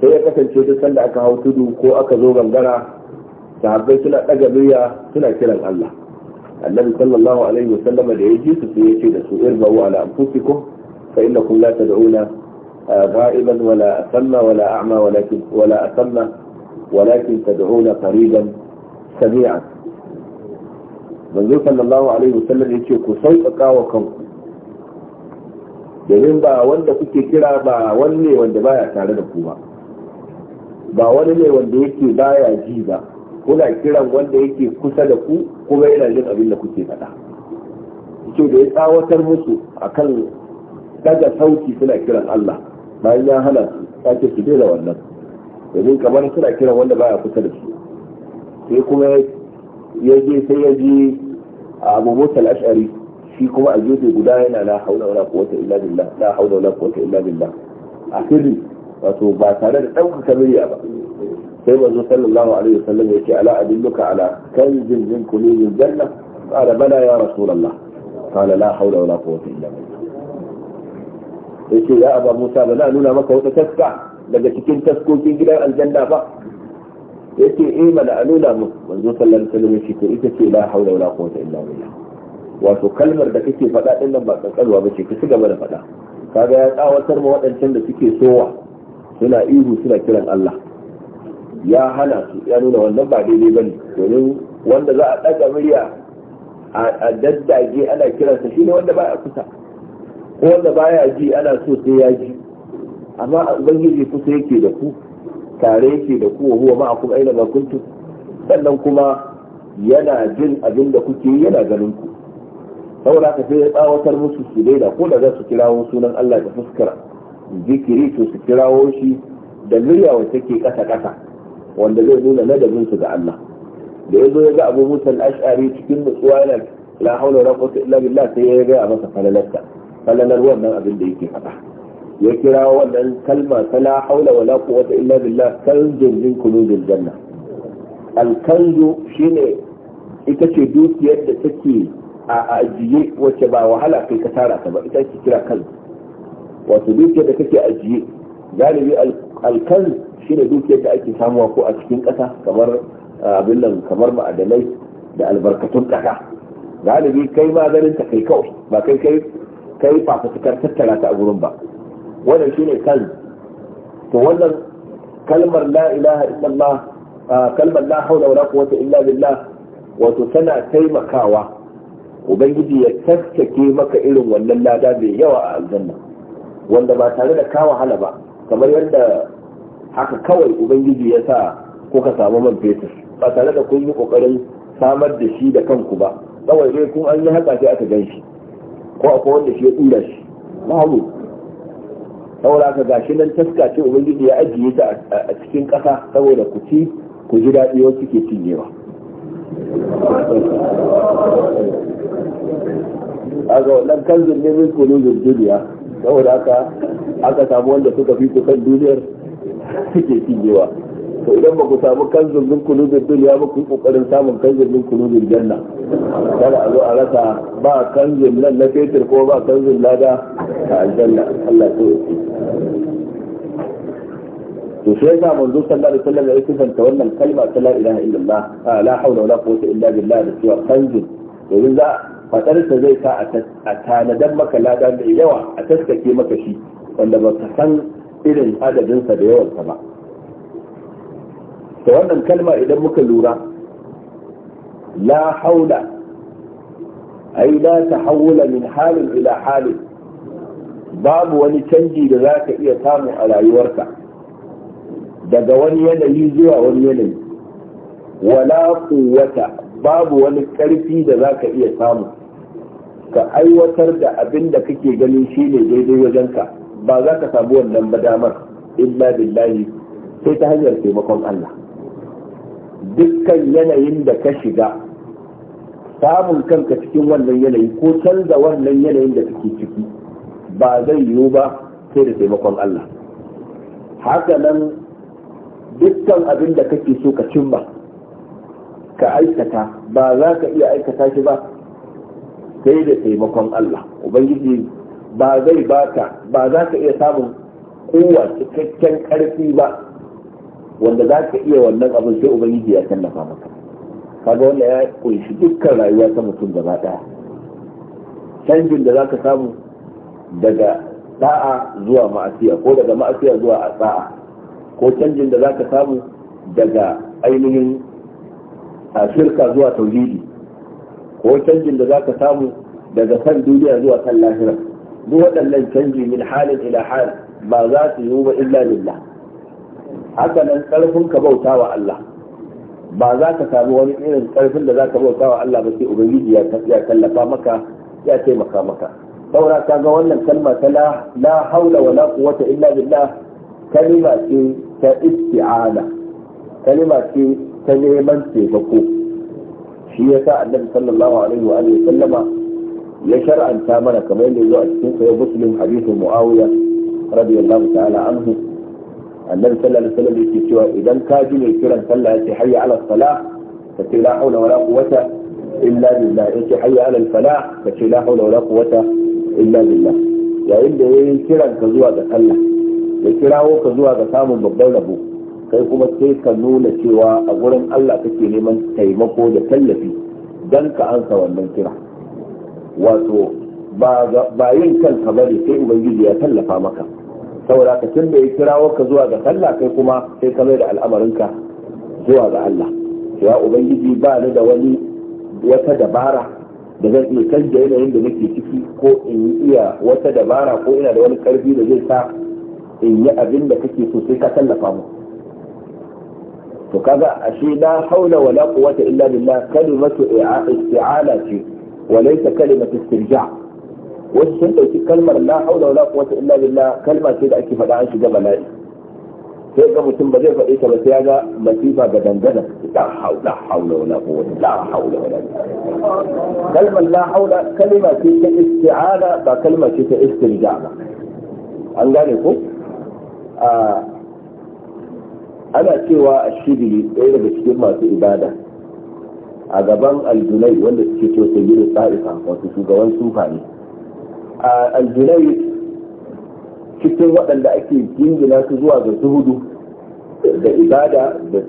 sai ya kasance duk sanda aka hau tudu ko aka zo gangara sahabbai suna ɗaga murya suna kiran Allah annabi sallallahu alaihi wa sallama da ya ji su sai ya ce da su irbawu ala anfusikum fa innakum la tad'una غائبا ولا أسمى ولا أعمى ولكن ولا أسمى ولكن تدعون قريبا سميعا manzo sallallahu alaihi wasallam ya ce ku sauƙaƙa wa kanku domin ba wanda kuke kira ba wani ne wanda baya tare da ku ba ba wani ne wanda yake baya ji ba kuna kiran wanda yake kusa da ku kuma yana jin abin da kuke faɗa ce da ya tsawatar musu akan daga sauki suna kiran Allah bayan ya hana su ya ce su daina wannan domin kamar suna kiran wanda baya kusa da su sai kuma ya je sai ya ji abu musa al-ash'ari shi kuma a gefe guda yana la haula wala quwwata illa billah la haula wala quwwata illa billah a sirri wato ba tare da ɗaukaka murya ba sai manzo sallallahu alaihi wasallam yake ala adilluka ala kanzin min kunuzil janna qala bala ya rasulullah qala la haula wala quwwata illa billah yace ya aba musa bala nuna maka wata taska daga cikin taskokin gidan aljanna ba yake eh a nuna mu manzo sallallahu alaihi wasallam shi ita ce la haula wala quwwata illa billah wato kalmar da kake faɗa din nan ba kankanwa bace ka ci gaba da faɗa kaga ya tsawatar ma waɗancan da suke sowa suna ihu suna kiran Allah ya hana su ya nuna wannan ba daidai bane domin wanda za a ɗaga murya a daddage ana sa shine wanda baya kusa ko wanda baya ji ana so sai ya ji amma ubangiji kusa yake da ku tare yake da kuwa huwa ma'akum aina ma kuntum sannan kuma yana jin abin da kuke yana ganin ku saboda sai ya tsawatar musu su daina ko da za su kirawo sunan Allah da fuskar zikiri to su kirawo shi da murya wacce kasa kasa wanda zai nuna ladabin su ga Allah da yazo ya ga Abu Musa al-Ash'ari cikin nutsuwa yana la hawla wala quwwata illa billah sai ya ga masa falalarsa falalar wannan abin da yake faɗa ya kira wannan kalma ta la haula wala quwwata illa billah kanzun min kunuzil janna alkanzu shine ita ce dukiyar da take a ajiye wacce ba wahala kai ka tara ta ba ita ce kira kan wato dukiyar da kake ajiye galibi alkanz shine dukiyar da ake samuwa ko a cikin ƙasa kamar abin nan kamar ma'adanai da albarkatun ƙasa galibi kai ma ganin ta kai kawai ba kai kai kai fafatukar tattara ta a gurin ba wannan shine kan to wannan kalmar la ilaha illallah kalmar la haula wala quwwata illa billah wato tana taimakawa ubangiji ya taskake maka irin wannan lada mai yawa a aljanna wanda ba tare da ka wahala ba kamar yadda haka kawai ubangiji ya sa kuka samu man fetur ba tare da kun yi kokarin samar da shi da kanku ba kawai dai kun an yi haka sai aka gan shi ko akwai wanda shi ya tsira shi saboda ka gashi nan taska ce ubangiji ya ajiye ta a cikin kasa saboda ku ci ku ji daɗi wasu cinyewa ga wannan kanzun ne min kunuzun duniya saboda aka samu wanda suka fi kusan duniyar suke cinyewa to idan ba ku samu kanzun zin kulubin duniya ba ku yi kokarin samun kanzun zin kulubin janna kada a zo a rasa ba kanzun nan na fetur ko ba kanzun lada a aljanna Allah ya to sai ga manzo sallallahu alaihi wasallam ya sifanta wannan kalma ta la ilaha illallah la hawla wala quwwata illa billah da cewa kanzun domin za fadar ta zai sa a tanadan maka lada mai yawa a taskake maka shi wanda ba ka san irin adadinsa da yawansa ba da wannan kalma idan muka lura la haula ai la tahawula min halin ila halin babu wani canji da za ka iya samu a rayuwarka daga wani yanayi zuwa wani yanayi wala wata babu wani karfi da za ka iya samu ka aiwatar da abin da kake ganin shine daidai wajenka ba za ka samu wannan ba damar illa billahi sai ta hanyar taimakon Allah dukkan yanayin da ka shiga samun kanka cikin wannan yanayi ko canza wannan yanayin da kake ciki ba zai yiwu ba sai da taimakon Allah haka nan dukkan abin da kake so ka cimma ka aikata ba za ka iya aikata shi ba sai da taimakon Allah ubangiji ba zai baka ba za ka iya samun kowa cikakken karfi ba wanda za ka iya wannan abin sai ubangiji ya tallafa maka kaga wanda ya kunshi dukkan rayuwa ta mutum gaba daya canjin da za ka samu daga da'a zuwa ma'asiya ko daga ma'asiya zuwa a da'a ko canjin da za ka samu daga ainihin a shirka zuwa tauhidi ko canjin da za ka samu daga san duniya zuwa kan lahira duk waɗannan canji min halin ila hal ba za su yi ba illa lillah haka nan karfin ka bauta wa Allah ba za ka samu wani irin karfin da za ka bauta wa Allah ba sai ubangiji ya tallafa maka ya taimaka maka saura ka ga wannan kalma ta la la haula wala quwwata illa billah kalima ce ta isti'ana kalima ce ta neman taimako shi yasa annabi sallallahu alaihi wa sallama ya shar'anta mana kamar yadda zo a cikin sahih muslim hadithin muawiya radiyallahu ta'ala anhu annabi sallallahu alaihi wasallam yake cewa idan ka ji mai kiran sallah yace hayya ala salah ka ce la haula wala quwwata illa billah yace hayya ala falah ka ce la haula wala quwwata illa billah yayin da yayi kiran ka zuwa ga sallah ya kirawo ka zuwa ga samun babban rabo kai kuma sai ka nuna cewa a gurin Allah kake neman taimako da tallafi dan ka ansa wannan kira wato ba yin kanka bane sai ubangiji ya tallafa maka saboda ka tun da ya kirawo ka zuwa ga sallah kai kuma sai ka mai da al'amarinka zuwa ga Allah cewa ubangiji ba ni da wani wata dabara da zan iya canja yanayin da nake ciki ko in iya wata dabara ko ina da wani karfi da zai sa in yi abin da kake so sai ka tallafa mu to kaga ashe la haula wala quwwata illa billah kalimatu isti'ala ce wa kalimatu istirja' wasu sun ɗauki kalmar la haula wala quwwata illa billah kalma ce da ake faɗa an shiga bala'i sai ga mutum ba zai faɗe ta ba sai ya ga masifa ga dangana la haula haula wala quwwata la haula wala kalmar la haula kalma ce ta isti'ana ba kalma ce ta istirja ba an gane ko ana cewa ashiri ɗaya daga cikin masu ibada a gaban aljunai wanda suke ce sai yi da tsarifa wasu shugaban sufa ne al-junai cikin waɗanda ake jingina su zuwa ga zuhudu da ibada da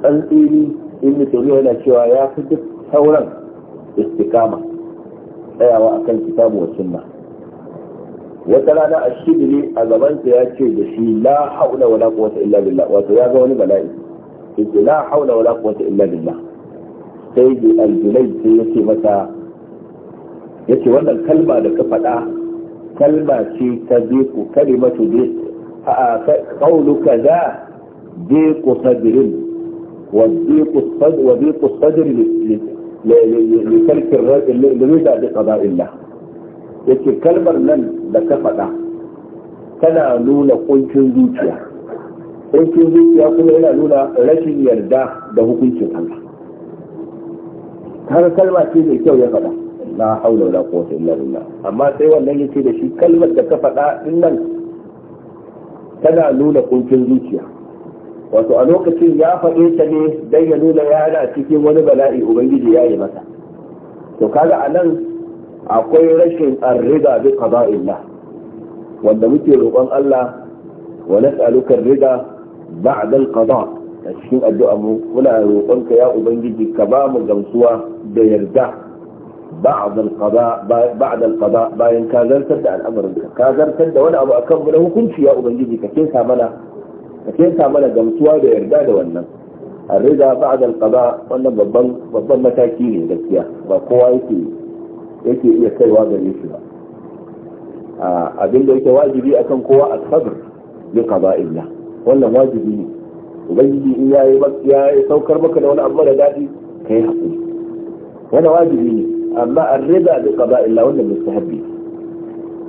tsantsiri inda tauri yana cewa ya fi duk sauran istikama tsayawa akan kitabu wa sunna wata rana a shidiri a gabansa ya ce da shi la haula wala quwwata illa billah wato ya ga wani bala'i yace la haula wala quwwata illa billah sai da aljunai sai yace masa yace wannan kalma da ka faɗa kalma ce ta beku kalimatu be a ka za beku sadirin wa beku sadr wa beku sadr li kalkin duka limita da qada'illah yace kalmar nan da ka faɗa tana nuna kuncin zuciya kuncin zuciya kuma yana nuna rashin yarda da hukuncin Allah kaga kalma ce mai kyau ya faɗa la haula wala quwwata illa billah amma sai wannan yace da shi kalmar da ka faɗa din nan tana nuna kuncin zuciya wato a lokacin ya faɗe ta ne dan ya nuna yana cikin wani bala'i ubangiji ya yi masa to kaga a nan akwai rashin arrida bi qada'illah wanda muke roƙon Allah wa nas'aluka arrida ba'da al a cikin addu'a mu muna roƙonka ya ubangiji ka ba mu gamsuwa da yarda بعد القضاء بعد القضاء باين كازرتر ده الأمر كازرتر ده وأنا أبو أكمل له كنت يا أبنجي كتين سامنا كتين سامنا جمسوا ده إرجاء ده وأنا الرضا بعد القضاء وأنا ببن ببن متاكين جسيا بقوة يكي يكي يكي واضر يشبه abin da yake wajibi akan kowa al-sabr bi qada'illah wannan wajibi ne ubangiji in yayi ya saukar maka da wani abu da dadi kai hakuri wannan wajibi ne amma arriba bi qada'illah wannan mustahabbi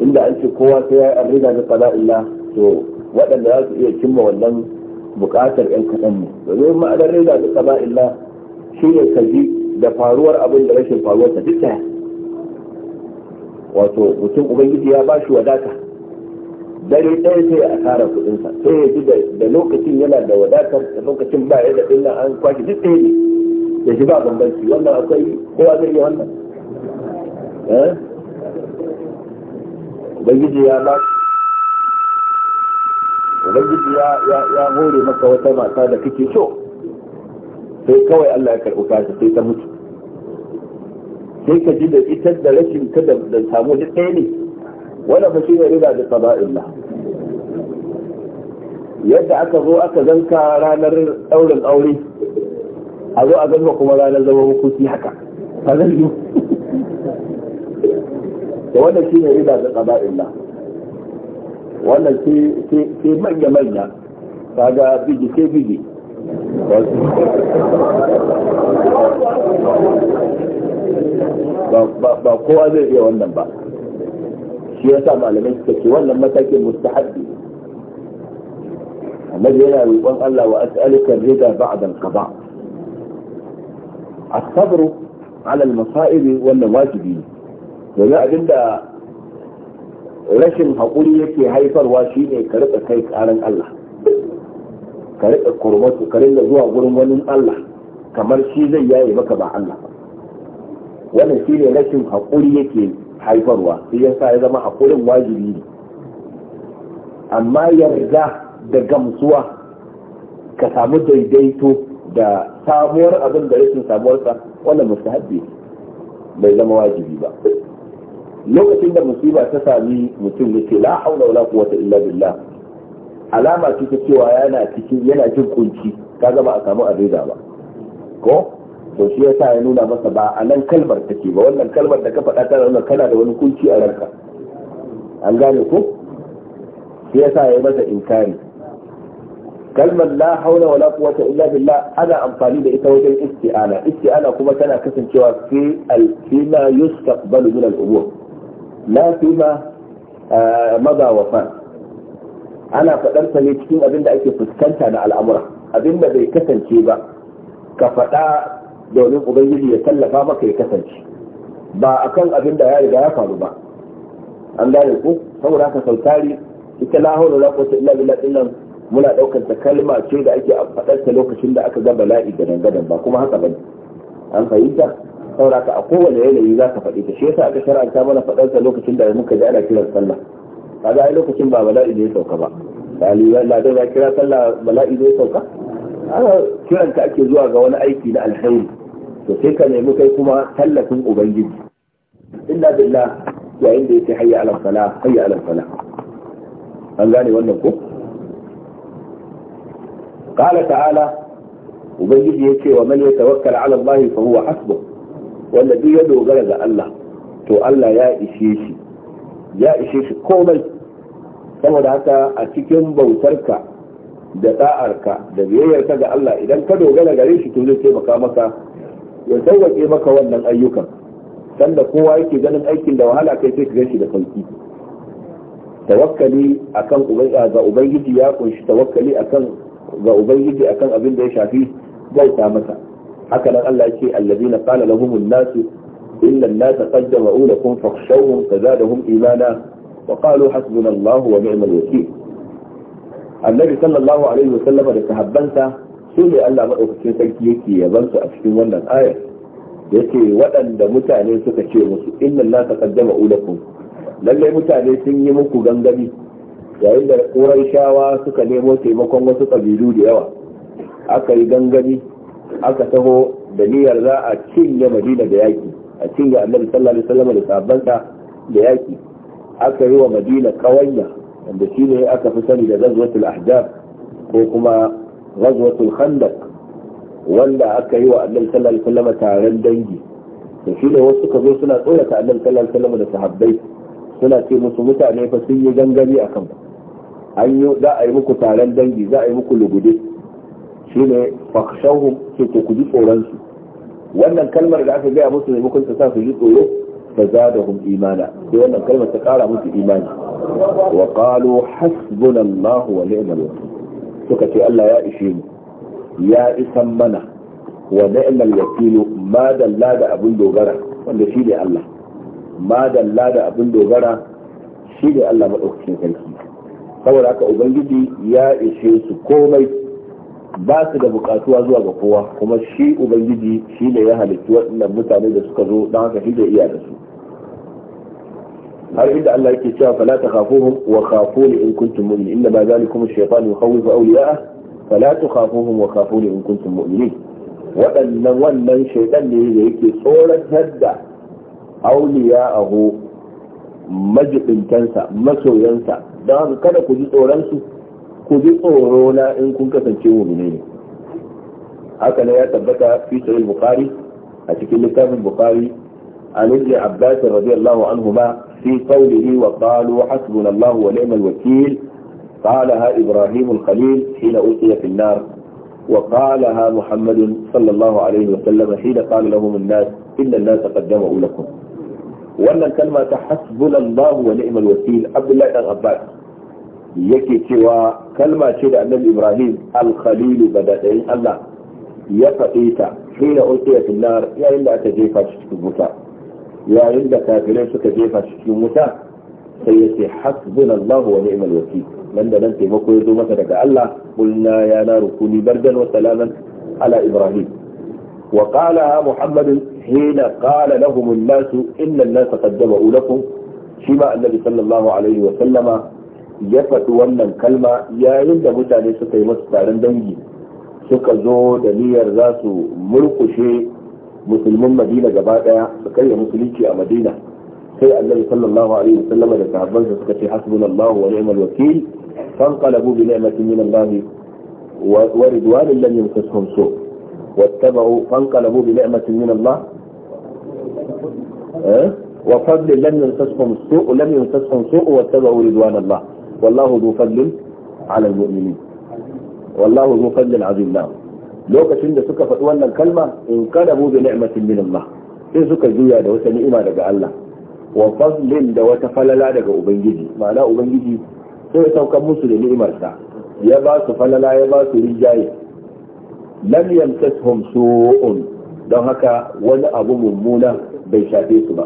inda an ce kowa sai yayi arriba bi qada'illah to waɗanda za su iya cimma wannan buƙatar ɗan kaɗan ne domin ma'anar rida bi qada'illah shi ne ka ji da faruwar abin da rashin faruwar ta duk daya wato mutum ubangiji ya bashi wadata dare ɗaya sai ya asara kuɗinsa sai ya ji da lokacin yana da wadatar da lokacin ba ya da ɗin an kwashi duk ɗaya ne da shi ba bambanci wannan akwai kowa zai yi wannan Eh? ubangiji ya ba hore maka wata mata da kake so sai kawai Allah ya karɓi kashi sai ta mutu sai ka ji da ita da rashin ka da samu da ɗaya ne wadda fa shi ne riga da na. yadda aka zo aka zanka ranar ɗaurin aure a zo a zanka kuma ranar zama hukunci haka ka zan da wannan shi ne rida da ƙaba'in da wannan ke manya-manya kaga bigi ke bigi ba kowa zai iya wannan ba shi ya sa malamai suka ce wannan matakin mustahabbi annabi yana roƙon Allah wa as'aluka rida ba'da al-qada as-sabr ala al-masa'ib wannan wajibi ne domin abinda rashin haƙuri yake haifarwa shi ne ka rika kai ƙaran Allah ka rika kurmatu ka zuwa gurin wani Allah kamar shi zai yaye maka ba Allah wannan shi ne rashin haƙuri yake haifarwa sai ya sa ya zama haƙurin wajibi ne amma yarda da gamsuwa ka samu daidaito da samuwar abin da rashin samuwarsa wannan mustahabbi bai zama wajibi ba lokacin da musiba ta sami mutum ya ce, la haula wala quwwata illa billah alama ce ta cewa yana cikin yana jin kunci ka ba a samu arida ba ko to shi yasa ya nuna masa ba a nan kalmar take ba wannan kalmar da ka faɗa ta nuna kana da wani kunci a ranka an gane ko shi yasa ya masa inkari kalmar la haula wala quwwata illa billah ana amfani da ita wajen isti'ana isti'ana kuma tana kasancewa fi al-fima yustaqbalu min al-umur Na fi ma maza ana faɗarsa ne cikin abin da ake fuskanta na al'amura abin da bai kasance ba ka faɗa domin ubangiji ya tallafa maka ya kasance ba akan abin da ya riga ya faru ba an gane ku saboda haka sautari ita la hawla la quwwata illa muna ɗaukar ta kalma ce da ake faɗar lokacin da aka ga bala'i da dangadan ba kuma haka bane an fahimta saboda ta a kowane yanayi za ka faɗi ta shi yasa aka shar'anta mana faɗarsa lokacin da muka ji ana kiran sallah ba za a yi lokacin ba bala'i zai sauka ba ɗaliban ladan ya kira sallah bala'i zai sauka ana kiran ka ake zuwa ga wani aiki na alkhairi to sai ka nemi kai kuma tallafin ubangiji illa billah yayin da yake hayya ala sala hayya ala sala an gane wannan ko qala ta'ala ubangiji yace wa man yatawakkal ala allah fa huwa hasbuh wanda duk ya dogara ga Allah to Allah ya ishe shi ya ishe shi komai saboda haka a cikin bautarka da da'arka da biyayyarka ga Allah idan ka dogara gare shi to zai taimaka maka ya sauwaƙe maka wannan ayyukan sanda kowa yake ganin aikin da wahala kai sai ka shi da sauki tawakkali akan ga ubangiji ya kunshi tawakkali akan ga ubangiji akan abin da ya shafi bauta masa haka nan Allah yake allazina qala lahumun nasu illa an-nasa qad jama'u lakum fakhshawhum fazadahum imana wa qalu hasbuna Allah wa ni'mal wakeel annabi sallallahu alaihi wa sallama da sahabbansa su ne Allah madaukakin sarki yake yaban su a cikin wannan ayar yake waɗanda mutane suka ce musu inna Allah taqaddama ulakum lallai mutane sun yi muku gangami yayin da ƙurai shawa suka nemo taimakon wasu ƙabilu da yawa aka yi gangami aka taho da niyyar za a cinye madina da yaki a cinye annabi sallallahu alaihi wasallam da sahabbansa da yaki aka yi wa madina kawanya wanda shine aka fi sani da ghazwatul ahzab ko kuma ghazwatul khandaq wanda aka yi wa annabi sallallahu alaihi wasallam taron dangi to shine wasu ka zo suna tsorata annabi sallallahu alaihi wasallam da sahabbai suna ce musu mutane fa sun yi gangami akan an yi za a yi muku taron dangi za a yi muku lugude shine fakhshawhum sai ko ku ji tsoron su wannan kalmar da aka gaya musu ne mukun sa su ji tsoro fa zadahum imana sai wannan kalmar ta kara musu imani wa qalu hasbunallahu wa ni'mal wakeel suka ce Allah ya ishe mu ya isan mana wa ni'mal wakeel ma dalla da abin dogara wanda shi ne Allah ma dalla da abin dogara shi ne Allah madaukakin sarki saboda haka ubangiji ya ishe su komai ba su da bukatuwa zuwa ga kowa kuma shi ubangiji shi ne ya halittu waɗannan mutane da suka zo don haka shi zai iya da su har inda Allah yake cewa fala takhafuhum wa khafuni in kuntum mu'minin inna ma zalikum ash-shaytan yukhawwifu awliya'a fala takhafuhum wa khafuni in kuntum mu'minin waɗannan wannan shaytan ne da yake tsoratar da awliya'ahu majibintansa masoyansa don haka kada ku ji tsoron su ku bi tsoro na in kun kasance mu'mini ne haka ne ya tabbata fi sahih bukhari a cikin littafin bukhari an ibn abbas radiyallahu anhuma fi qawlihi wa qalu hasbuna allah wa ni'mal wakeel قالها إبراهيم الخليل حين ألقي في النار وقالها محمد صلى الله عليه وسلم حين قال لهم الناس إن الناس قد جمعوا لكم وأن الكلمة حسبنا الله ونعم الوكيل عبد الله بن عباس yake cewa kalma ce da annabi ibrahim al-khalil allah ya faɗe ta hina ulqiya fil yayin da aka jefa shi cikin wuta yayin da kafirai suka jefa shi cikin wuta sai yace hasbuna allah wa ni'mal wakil nan da nan taimako ya zo masa daga allah qulna ya rukuni kuni bardan wa salaman ala ibrahim wa qala muhammad hina qala lahum an-nas inna an-nas qad jama'u lakum shi ma annabi sallallahu alaihi wa sallama ya faɗi wannan kalma yayin da mutane suka yi masu taron dangi suka zo da niyyar za su murkushe musulmin madina gaba daya su karya musulunci a madina sai annabi sallallahu alaihi wasallam da sahabbansa suka ce hasbunallahu wa ni'mal wakil qalabu bi ni'mati min Allah wa ridwanin lam yamsasuhum su wattabu wattaba'u qalabu bi ni'mati min Allah wa fadlin lam yamsasuhum su lam yamsasuhum su wattabu ridwan Allah wallahu zu fadlin ala mu'minin fadlin azim lokacin da suka faɗi wannan kalma in kalabu bi ni'matin min Allah sai suka juya da wata ni'ima daga Allah wa fadlin da wata falala daga ubangiji ma'ana ubangiji sai ya saukar musu da ni'imarsa ya ba su falala ya ba su rijaye lam yamtashum su'un don haka wani abu mummuna bai shafe su ba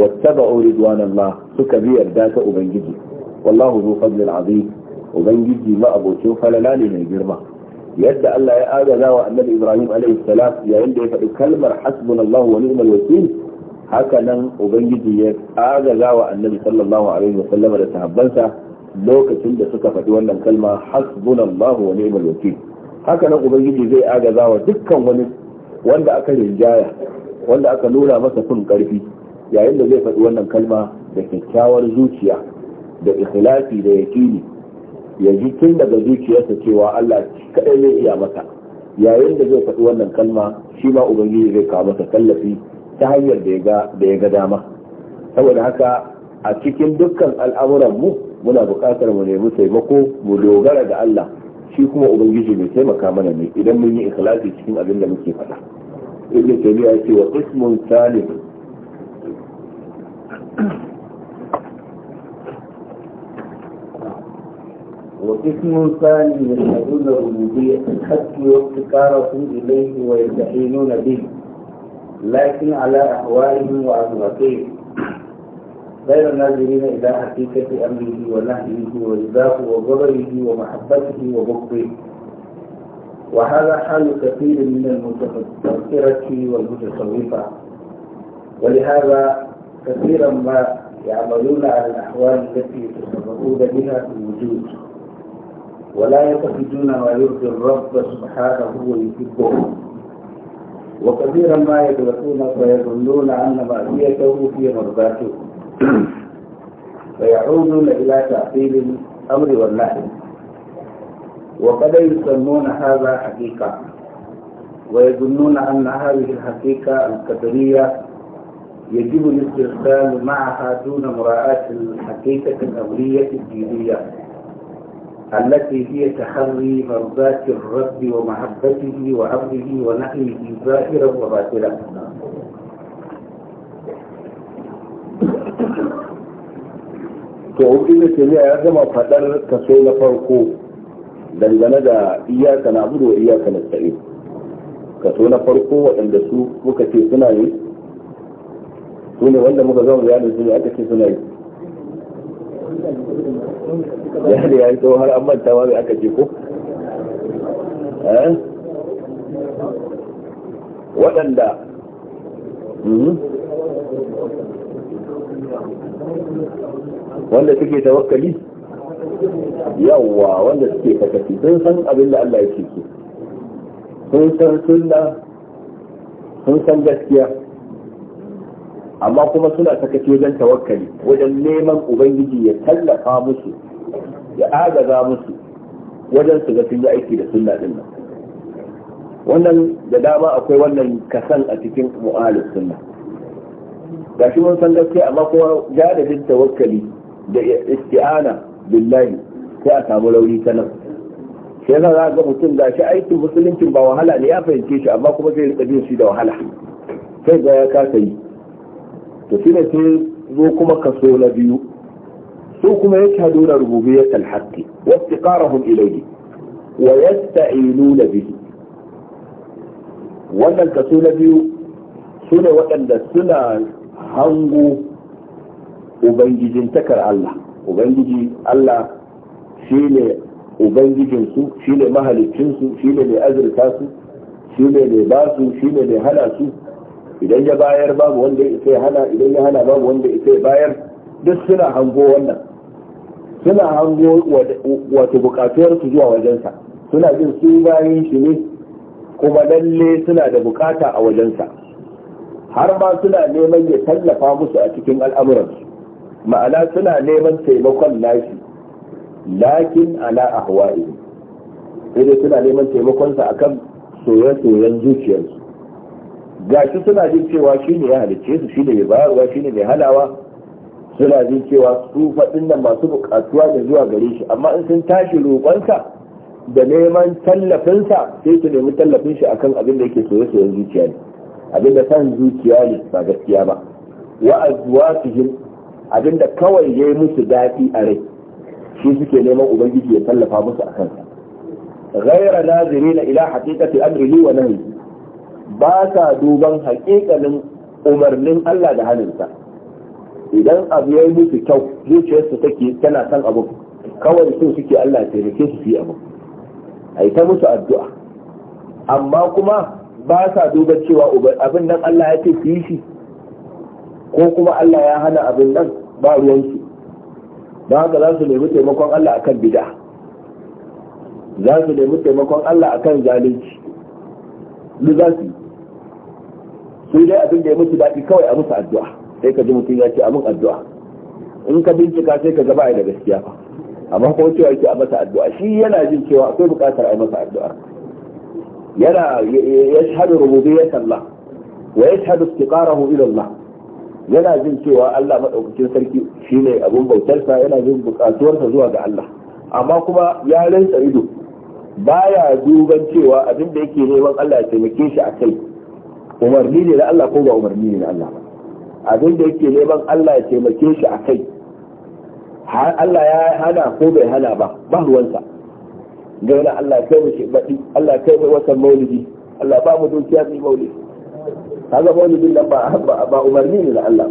wattaba'u ridwanallah suka bi yarda ta ubangiji wallahu zu fadlil azim ubangiji ma abocin falala ne mai girma yadda Allah ya agaza wa annabi Ibrahim alaihi salam yayin da ya faɗi kalmar hasbunallahu wa ni'mal wakil ubangiji ya agaza wa annabi sallallahu alaihi wa sallama da lokacin da suka faɗi wannan kalma hasbunallahu wa ni'mal wakil haka nan ubangiji zai agaza wa dukkan wani wanda aka rinjaya wanda aka nuna masa kun karfi yayin da zai faɗi wannan kalma da kyakkyawar zuciya da ikhlasi da yaqini ya ji tun daga zuciyarsa cewa Allah kaɗai zai iya masa yayin da zai faɗi wannan kalma shi ma ubangiji zai kawo masa tallafi ta hanyar da ya ga da ya ga dama saboda haka a cikin dukkan al'amuran mu muna buƙatar mu nemi taimako mu dogara da Allah shi kuma ubangiji mai taimaka mana ne idan mun yi ikhlasi cikin abin da muke faɗa ibnu taymiya ya ce wa qismun salim وقسم ثاني يشهدون ربوبية الحق وابتكارهم إليه ويستحيلون به لكن على أهوائهم وأهواكهم غير الناظرين إلى حقيقة أمره ونهيه ورضاه وغضبه ومحبته وبغضه وهذا حال كثير من المتفكرة والمتصوفة ولهذا كثيرا ما يعملون على الأحوال التي يتصرفون بها في الوجود ولا يتخذون ما يرضي الرب سبحانه ويحبه وكثيرا ما يدركون فيظنون ان معصيته في مرضاته فيعودون الى تعطيل الامر والنهي وقد يسمون هذا حقيقه ويظنون ان هذه الحقيقه القدريه يجب الاسترسال معها دون مراعاه الحقيقه الامريه الدينيه التي هي تحري مرضاة الرب ومحبته وعبده ونحيه ظاهرا وباطلا to in da ke ya gama faɗar kaso na farko dangane da iyaka na abu da iyaka na tsaye kaso na farko waɗanda su muka ce suna yi su ne wanda muka zama bayanin su ne aka ce suna yi ya da ya yi har an manta ma mai aka ce ko eh? waɗanda mhm, wanda suke tawakkali yawwa wanda suke fakati sun san abin da Allah ya ce sun san sunna sun san gaskiya amma kuma suna sakaci wajen tawakkali wajen neman ubangiji ya tallafa musu ya agaza musu wajen su ga sun yi aiki da sunna din nan wannan da dama akwai wannan kasan a cikin mu'alif sunna gashi mun san gaskiya amma kuma jadadin tawakkali da isti'ana billahi sai a samu rauni ta nan sai yasa za ga mutum da shi aikin musuluncin ba wahala ne ya fahimce shi amma kuma zai rika jin shi da wahala sai ga ya kasa yi to shi ne sai zo kuma kaso na biyu su kuma ya shahadu na rububiyyat alhaqqi wa istiqarahum ilayhi wa yasta'inuna bihi wannan kaso na biyu su ne waɗanda suna hango ubangijintakar Allah ubangiji Allah shi ne ubangijinsu shi ne mahalicinsu shi ne mai azurta su shi ne mai basu shi ne mai hana su idan ya bayar babu wanda ya isa ya hana idan ya hana babu wanda ya isa ya bayar duk suna hango wannan suna hango wato bukatuwar su zuwa wajensa suna jin su bayan shi ne kuma lalle suna da bukata a wajensa har ma suna neman ya tallafa musu a cikin al'amuransu ma'ana suna neman taimakon nashi lakin ala ahwa'i sai dai suna neman taimakonsa akan soye-soyen zuciyarsu gashi suna jin cewa shi ne ya halicce su shi ne mai bayarwa shi ne mai halawa suna jin cewa su faɗin nan masu buƙatuwa da zuwa gare shi amma in sun tashi roƙonsa da neman tallafinsa sai su nemi tallafin shi akan abin da yake soye-soyen zuciya ne abin da san zuciya ne ba gaskiya ba wa azwajihim abin da kawai yi musu daɗi a rai shi suke neman ubangiji ya tallafa musu akan sa ghayra nazirina ila haqiqati amrihi wa nahyi ba sa duban hakikalin umarnin Allah da halinsa idan abu ya yi musu kyau zuciyarsu take tana son abu kawai sun suke Allah taimake su fi abu a yi ta musu addu'a amma kuma ba sa duba cewa abin nan Allah ya ce su yi shi ko kuma Allah ya hana abin nan ba ruwansu don haka za su nemi taimakon Allah akan bida za su nemi taimakon Allah akan zalunci duk za su yi. sun dai abin da ya mutu daɗi kawai a musu addu'a sai ka ji mutum ya ce a mun addu'a in ka bincika sai ka gaba da gaskiya fa amma kuma cewa yake a masa addu'a shi yana jin cewa akwai buƙatar a masa addu'a yana ya yashhadu rububiyyat Allah wa ya yashhadu istiqarahu ila Allah yana jin cewa Allah madaukakin sarki shine abun bautarsa yana jin buƙatuwarsa zuwa ga Allah amma kuma ya rantsa ido baya duban cewa abin da yake neman Allah ya taimake shi a kai umarni ne na Allah ko ba umarni ne na Allah ba abin da yake neman Allah ya taimake shi a kai Allah ya hana ko bai hana ba ba ruwansa ga wani Allah kai mu baɗi Allah kai mu watan maulidi Allah ba mu dukiya mu maulidi kaga maulidin nan ba ba umarni ne na Allah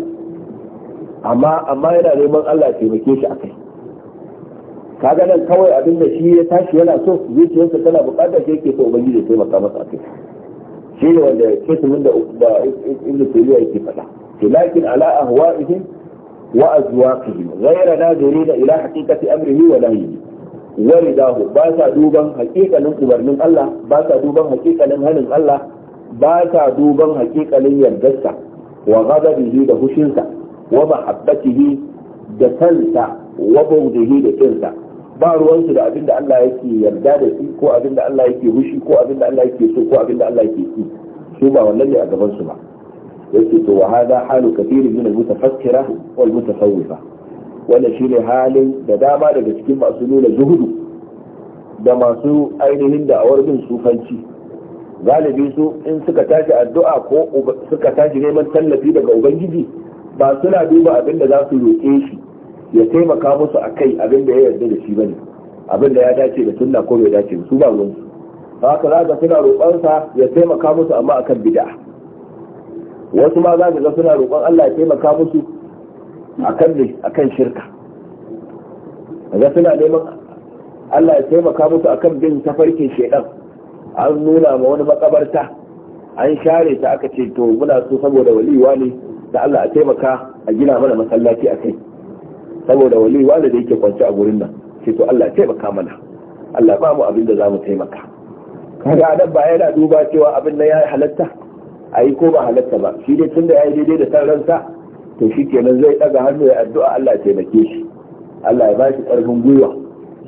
amma amma yana neman Allah ya taimake shi a kai kaga nan kawai abin da shi ya tashi yana so zuciyarsa tana buƙatar da yake so ubangiji ya taimaka masa a kai shi ne wanda kesimin da ibn taymiya yake faɗa lakin ala ahwa'ihim wa azwaqihim ghayra nadirina ila haqiqati amrihi wa nahyihi wa ridahu ba sa duban haƙiƙanin umarnin Allah ba sa duban haƙiƙanin hanin Allah ba sa duban haƙiƙanin yardarsa wa ghadabihi da hushinsa wa mahabbatihi da kansa wa da kinsa ba ruwansu da abin da Allah yake yarda da shi ko abin da Allah yake hushi ko abin da Allah yake so ko abin da Allah yake ki su ba wannan ne a gaban su ba yake to wa hada halu kathirin min al-mutafakkira wal mutasawwifa wannan shine halin da dama daga cikin masu nuna zuhudu da masu ainihin da awar bin sufanci galibi su in suka tashi addu'a ko suka tashi neman tallafi daga ubangiji ba suna duba abin da za su roƙe shi ya taimaka musu a kai abin da ya yarda da shi bane abin da ya dace da sunna ko bai dace su ba ruwan haka za ka suna roƙonsa ya taimaka musu amma akan bid'a wasu ma za ga suna roƙon Allah ya taimaka musu akan akan shirka ga suna neman Allah ya taimaka musu akan bin tafarkin shedan an nuna ma wani makabarta an share ta aka ce to muna so saboda waliwa ne da Allah a taimaka a gina mana masallaci a kai saboda wali wanda da yake kwance a gurin nan sai to Allah taimaka mana Allah ba mu abin da za mu taimaka kaga nan ba yana duba cewa abin nan ya halatta a yi ko ba halatta ba shi dai tunda ya yi daidai da san ransa to shi kenan zai daga hannu ya addu'a Allah ya taimake shi Allah ya ba shi gwiwa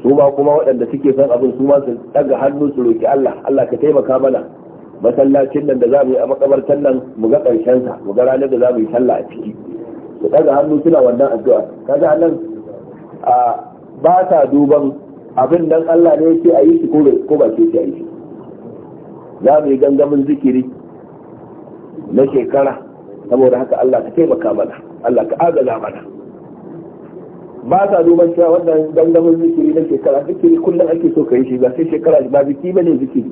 su ma kuma waɗanda suke son abin su ma su hannu su roki Allah Allah ka taimaka mana masallacin nan da za mu yi a makabartan nan mu ga ƙarshen sa mu ga ranar da za mu yi sallah a ciki su daga hannu suna wannan addu'a kaga nan a ba ta duban abin dan Allah ne yake a yi shi ko ba ke a yi shi za mu yi gangamin zikiri na shekara saboda haka Allah ka taimaka mana Allah ka agaza mana ba ta duban cewa wannan gangamin zikiri na shekara zikiri kullum ake so ka yi shi ba sai shekara ba biki ne zikiri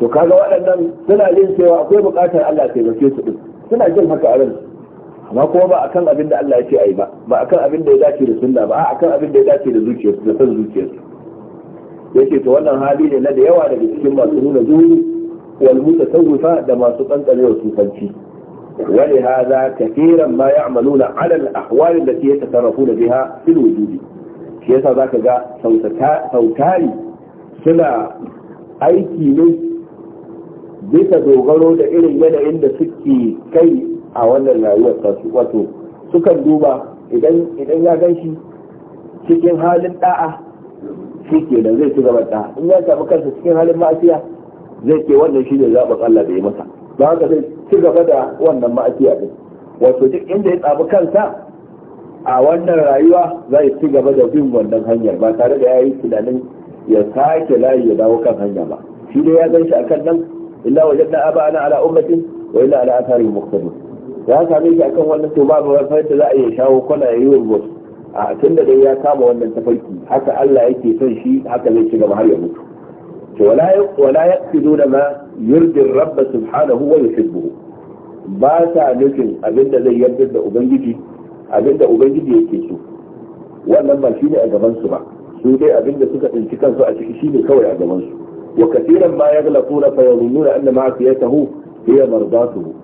to kaga waɗannan suna jin cewa akwai buƙatar Allah taimake su din suna jin haka a ransu amma kuma ba akan abin da Allah ya ce ai ba ba akan abin da ya dace da sunna ba akan abin da ya dace da zuciyarsu da san zuciyarsu yake to wannan hali ne na da yawa daga cikin masu nuna zuri wal mutasawwifa da masu wa sufanci ولهذا كثيرا ما يعملون على الأحوال التي يتصرفون بها في shi yasa zaka ga sautari suna aiki ne bisa dogaro da irin yanayin da suke kai a wannan rayuwar su wato suka duba idan ya gan shi cikin halin da'a shi ke da zai ci gaba da'a in ya samu kansa cikin halin ma'asiya zai ke wannan shi ne zaɓin Allah da ya masa ba haka zai ci gaba da wannan ma'asiya din wato duk inda ya tsabi kansa a wannan rayuwa za ya ci gaba da bin wannan hanyar ba tare da ya yi tunanin ya sake layi ya dawo kan hanya ba shi ne ya gan shi akan nan illa wajen na'aba aba ana ala'ummatin ummatin wa illa ala'atarin asarin ya same shi akan wannan to babu wani da za a iya shawo kwana ya yi wurwur a tun da dai ya kama wannan tafarki haka Allah yake son shi haka zai ci gaba har ya mutu to wala wala yaqiduna ma yurdi rabb subhanahu wa yuhibbuhu ba sa nufin abinda zai yarda da ubangiji abinda ubangiji yake so wannan ba shine a gaban su ba su dai abinda suka tsinci kansu a ciki shine kawai a gaban su wa katiran ma yaghlaquna fa yazunnuna anna ma'asiyatahu hiya mardatuhu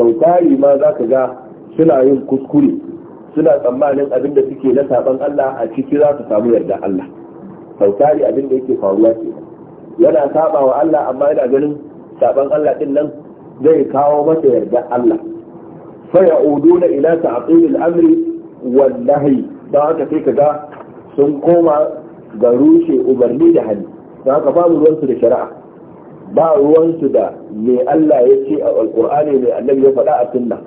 Saukari ma za ka ga suna yin kuskure suna tsammanin abin da suke na saban Allah a ciki za su samu yarda Allah Saukari abin da yake faruwa ke yana saba wa Allah amma yana ganin saban Allah din nan zai kawo masa yarda Allah fa ya'uduna ila ta'til al-amri wal nahyi don haka sai ka ga sun koma ga rushe umarni da hali don haka babu ruwansu da shari'a ba ruwansu da me Allah ya ce a alkur'ani mai annabi ya faɗa a sunna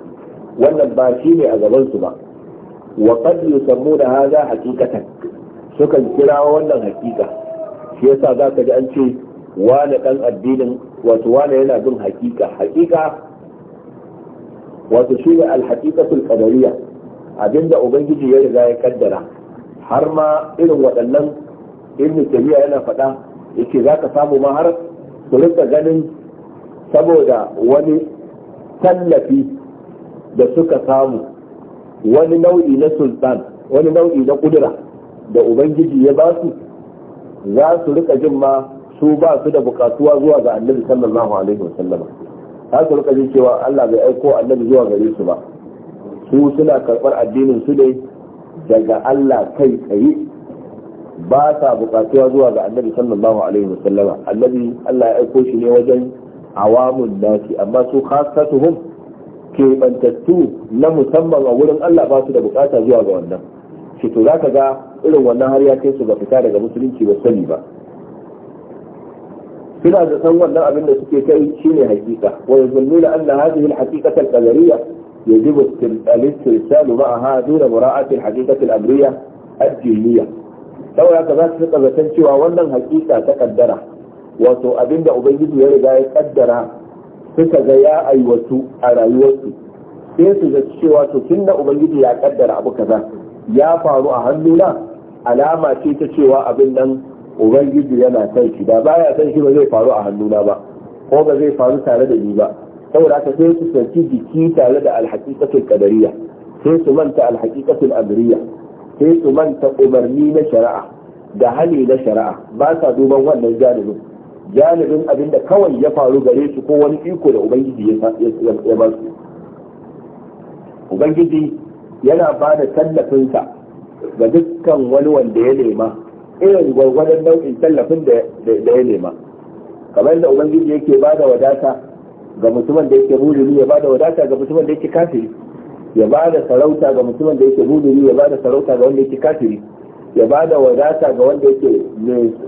wannan ba shi ne a gabansu ba wa qad yusammuna hadha haqiqatan sukan kira wannan haqiqa shi yasa zaka ji an ce wani dan addinin wato wani yana bin haqiqa haqiqa wato shi ne al qadariyya abinda ubangiji ya riga ya kaddara har ma irin waɗannan ibn tabiya yana faɗa yake zaka samu ma har su rika ganin saboda wani tallafi da suka samu wani nau'i na sultan wani nau'i na kudura da ubangiji ya ba su za su rika jin ma su ba su da bukatuwa zuwa ga annabi sallallahu alaihi wasallam za su rika jin cewa Allah bai aiko annabi zuwa gare su ba su suna karbar addinin su ne daga Allah kai tsaye ba ta bukatuwa zuwa ga annabi sallallahu alaihi wasallama annabi Allah ya aiko shi ne wajen awamun nasi amma su khasatuhum ke bantattu na musamman a wurin Allah ba su da bukata zuwa ga wannan shi to zaka ga irin wannan har ya kai su ga fita daga musulunci ba sani ba suna da san wannan abin da suke kai shine hakika wa la anna hadhihi al-haqiqata yajibu al-istirsalu ma'aha duna mura'ati al-haqiqati al saboda haka za su rika zaton cewa wannan hakika ta kaddara wato abinda ubangiji ya riga ya kaddara suka ga ya aiwatu a rayuwarsu sai su ga cewa to tunda ubangiji ya kaddara abu kaza ya faru a hannuna alama ce ta cewa abin nan ubangiji yana san shi da baya san shi ba zai faru a hannuna ba ko ba zai faru tare da ni ba saboda haka sai su sanci jiki tare da alhaqiqatul kadariya sai su manta alhaqiqatul amriyya sai su manta umarni na shari'a da hali na shari'a ba sa duban wannan janibin janibin abin da kawai ya faru gare su ko wani iko da ubangiji ya ba su ubangiji yana ba da tallafinsa ga dukkan wani wanda ya nema irin gwargwadon nau'in tallafin da ya nema kamar da ubangiji yake ba da wadata ga mutumin da yake mulini ya ba da wadata ga mutumin da yake kafiri ya ba da sarauta ga mutumin da yake mumini ya ba da sarauta ga wanda yake kafiri ya ba da wadata ga wanda yake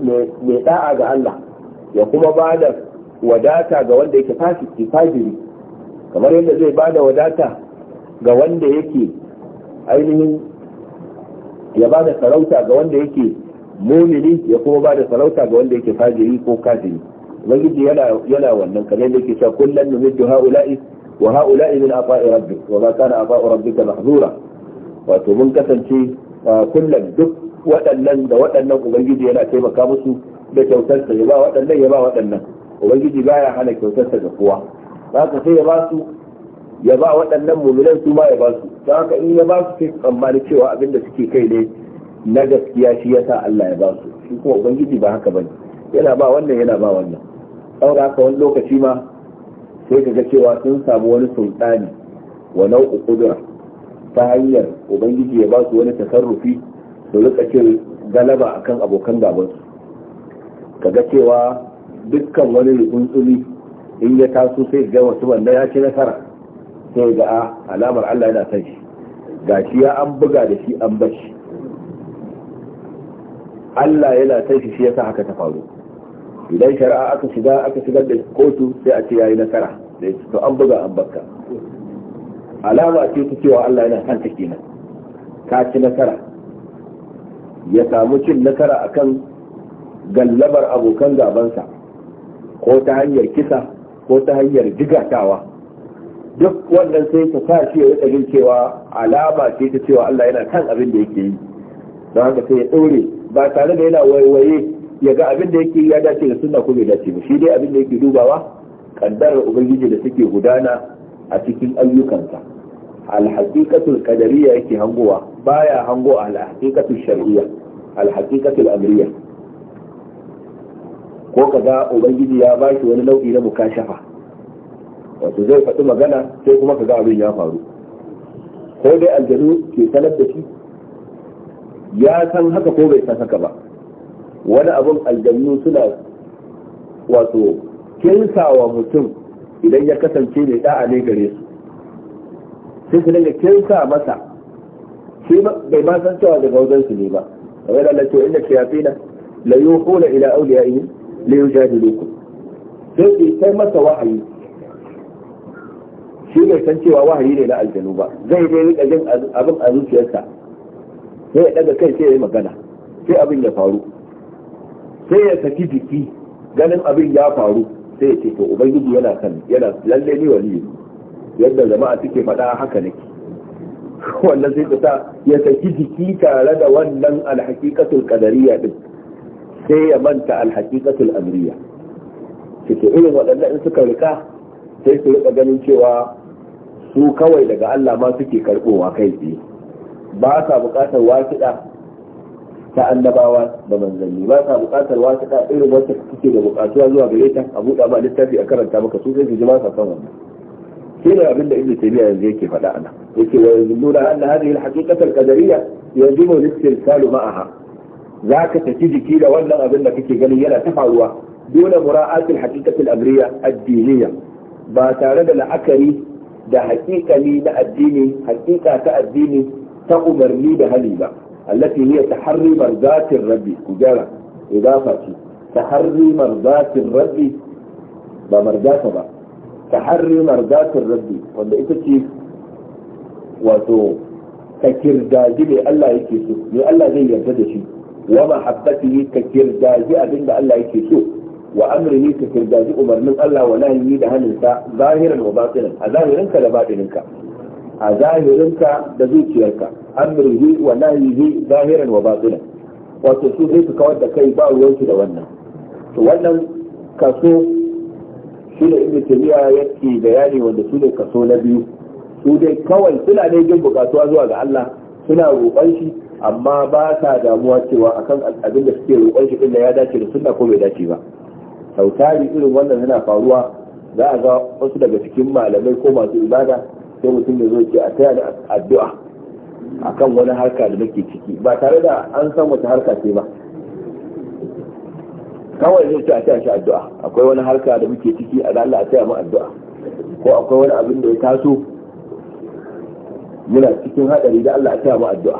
mai da'a ga Allah ya kuma ba da wadata ga wanda yake fajiri kamar yadda zai ba da wadata ga wanda yake ainihin ya ba da sarauta ga wanda yake mumini ya kuma ba da sarauta ga wanda yake fajiri ko kafiri ubangiji yana yana wannan kamar yadda yake cewa kullun numiddu ha'ula'i wa ha'ula'i min afa'i rabbik wa ma kana afa'u rabbika mahzura wato mun kasance kullum duk waɗannan da waɗannan ubangiji yana taimaka musu da kyautarsa ya ba waɗannan ya ba waɗannan ubangiji baya hana kyautarsa ga kowa haka ya ba su ya ba waɗannan muminan su ma ya ba su don haka ya ba su sai tsammani cewa abin da suke kai ne na gaskiya shi yasa Allah ya ba su kuma ubangiji ba haka yana ba wannan yana ba wannan saboda haka wani lokaci ma sai ka ga cewa sun samu wani sultani wa nau'u kudura ta hanyar ubangiji ya ba su wani tasarrufi su rika cin galaba akan abokan gaban ka ga cewa dukkan wani rukunsuli in ya taso sai ga wasu wanda ya ci nasara sai ga ah, alamar Allah yana san shi shi ya an buga da shi an bashi Allah yana san shi shi yasa haka ta faru idan shari'a aka shiga aka shigar da kotu sai a ce yayi nasara da to an buga an bakka alama ce ta cewa Allah yana kan ta kenan ka ci nasara ya samu cin nasara akan gallabar abokan gabansa ko ta hanyar kisa ko ta hanyar jigatawa duk wannan sai ta sa shi ya rika cewa alama ce ta cewa Allah yana kan abin da yake yi don haka sai ya dore ba tare da yana waiwaye ya ga abin da yake ya dace da sunna ko bai dace ba shi dai abin da yake dubawa kaddarar ubangiji da suke gudana a cikin ayyukansa alhaqiqatul qadariyya yake hangowa baya hango alhaqiqatul shar'iyya alhaqiqatul amriyya ko kaga ubangiji ya bashi wani nau'i na mukashafa wato zai faɗi magana sai kuma kaga abin ya faru ko dai aljanu ke sanar da shi ya san haka ko bai san haka ba wani abin aljannu suna wato kinsawa mutum idan ya kasance mai da'a ne gare su sai su dinga kinsa masa shi bai ma san cewa daga wajen su ne ba kamar da Allah ce inna shayatina la yuhuna ila awliyaihim la yujadilukum sai su kai masa wahayi shi bai san cewa wahayi ne na aljanu ba zai dai rika jin abin a zuciyarsa sai ya daga kai sai ya yi magana sai abin ya faru sai ya saki jiki ganin abin ya faru sai ya ce to ubangiji yana kan yana lalle ni wali yadda jama'a suke faɗa haka nake wannan sai ta ya saki jiki tare da wannan alhaqiqatul qadariyya din sai ya manta alhaqiqatul amriyya cikin irin waɗannan in suka rika sai su rika ganin cewa su kawai daga Allah ma suke karɓowa kai tsaye ba sa bukatar wasiɗa ta annabawa da manzanni ba sa buƙatar wata ta irin wacce kuke da bukatuwa zuwa gare ta a buɗa ma littafi a karanta maka su sai su ji ba sa son wannan shi ne abin da ibnu taymiya yanzu yake faɗa ana yake wa yanzuna anna hadhihi al-haqiqata yanzu qadariyya yajibu ma'aha zaka tafi jiki da wannan abin da kake gani yana ta faruwa dole mura'at al-haqiqati al-amriyya ad-diniyya ba tare da la'akari da haƙiƙani na addini haƙiƙa ta addini ta umarni da hali ba allati hiya taharri marzatir rabbi ku gyara idafa ce taharri marzatir rabbi ba marzata ba taharri marzatir rabbi wanda ita ce wato ka kirdaji ne Allah yake so ne Allah zai yarda da shi wa yi ka kirdaji abinda Allah yake so wa amrihi ka kirdaji umarnin Allah wa nahyi da haninsa zahiran wa a zahirinka da batininka a zahirinka da zuciyarka amrihi wa nahyihi zahiran wa batinan wato su zai suka kawar da kai ba ruwansu da wannan to wannan kaso shi ne ibnu taymiya yake bayani wanda su ne kaso na biyu su dai kawai suna ne jin bukatuwa zuwa ga Allah suna roƙon shi amma ba sa damuwa cewa akan abin da suke roƙon shi inda ya dace da sunna ko bai dace ba sautari irin wannan yana faruwa za a ga wasu daga cikin malamai ko masu ibada sai mutum ya zo ce a taya da addu'a akan wani harka da nake ciki ba tare da an san wata harka ce ba kawai zai ce a taya shi addu'a akwai wani harka da muke ciki a Allah a taya mu addu'a ko akwai wani abin da ya taso muna cikin hadari da Allah a taya mu addu'a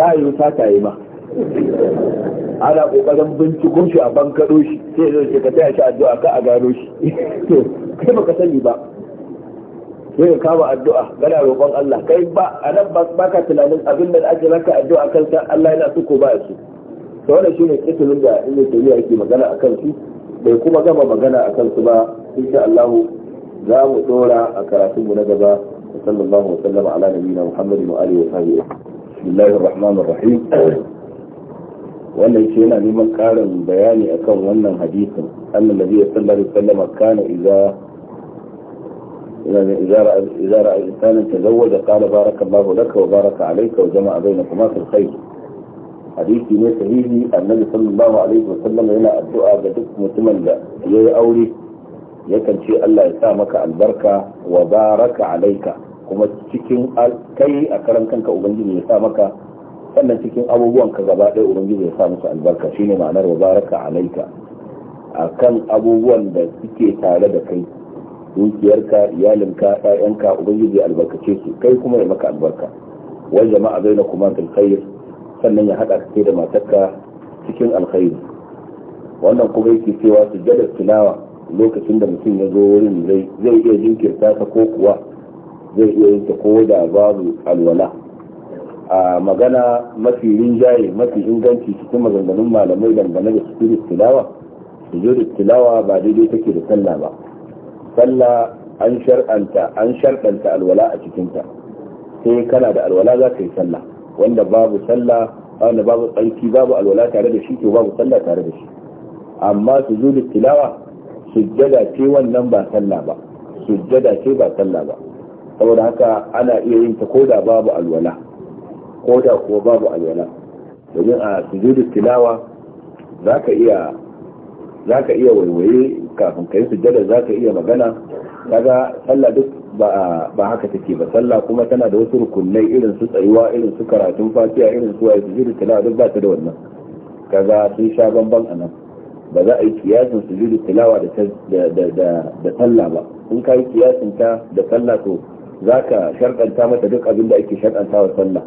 ta yi ta ta ma ana kokarin binciko shi a bankado shi sai zai ce ka taya shi addu'a ka a gano shi to kai baka sani ba sai ka kama addu'a kana roƙon Allah kai ba a nan ba ka tunanin abin da ake maka addu'a kan ta Allah yana suko ko ba shi to wannan shine kitulun da Ibn Taymiyyah yake magana akan shi bai kuma gama magana akan su ba insha Allah za mu dora a karatun mu na gaba sallallahu alaihi wa sallam ala nabiyina Muhammadin wa alihi wa sahbihi bismillahir rahmanir rahim wannan shi yana neman karin bayani akan wannan hadisin annabi sallallahu alaihi wa sallam kana idza إذا رأى إنسانا تزوج قال بارك الله لك وبارك عليك وجمع بينكما في الخير hadisi ne sahihi annabi sallallahu alaihi wa sallam yana addu'a ga duk mutumin da ya yi aure yakan ce Allah ya sa maka albarka wa baraka alaika kuma cikin kai a karan kanka ubangiji ya sa maka sannan cikin abubuwan ka gaba ɗaya ubangiji ya sa masu albarka shine ma'anar wa baraka alaika a kan abubuwan da suke tare da kai dukiyarka iyalinka ɗayanka ubangiji albarkace su kai kuma ya maka albarka wai jama'a kuma kuma khair sannan ya hada kai da matarka cikin alkhair wannan kuma yake cewa sujjadar tilawa lokacin da mutum ya zo wurin zai zai iya jinkirta ta ko kuwa zai iya yin ta ko da babu alwala a magana mafi rinjaye mafi inganci cikin maganganun malamai dangane da sujjadar tilawa sujjadar tilawa ba daidai take da sallah ba sallah an shar'anta an shar'anta alwala a cikinta sai kana da alwala za ka yi salla, wanda babu salla wanda babu tsanki babu alwala tare da shi to babu salla tare da shi amma sujudu tilawa sujjada ce wannan ba salla ba sujjada ce ba salla ba saboda haka ana iya yin ta koda babu alwala koda ko babu alwala domin a sujudu tilawa za ka iya za ka iya waiwaye kafin ka yi sujjada za ka iya magana kaga sallah duk ba haka take ba sallah kuma tana da wasu rukunai irin su tsayuwa irin su karatun fatiha irin su wayi sujudu tilawa duk ba ta da wannan kaga sun sha bamban nan ba za a yi kiyasin sujudu tilawa da sallah ba in ka yi kiyasin ta da sallah to zaka sharkanta mata duk abin da ake sharkanta wa sallah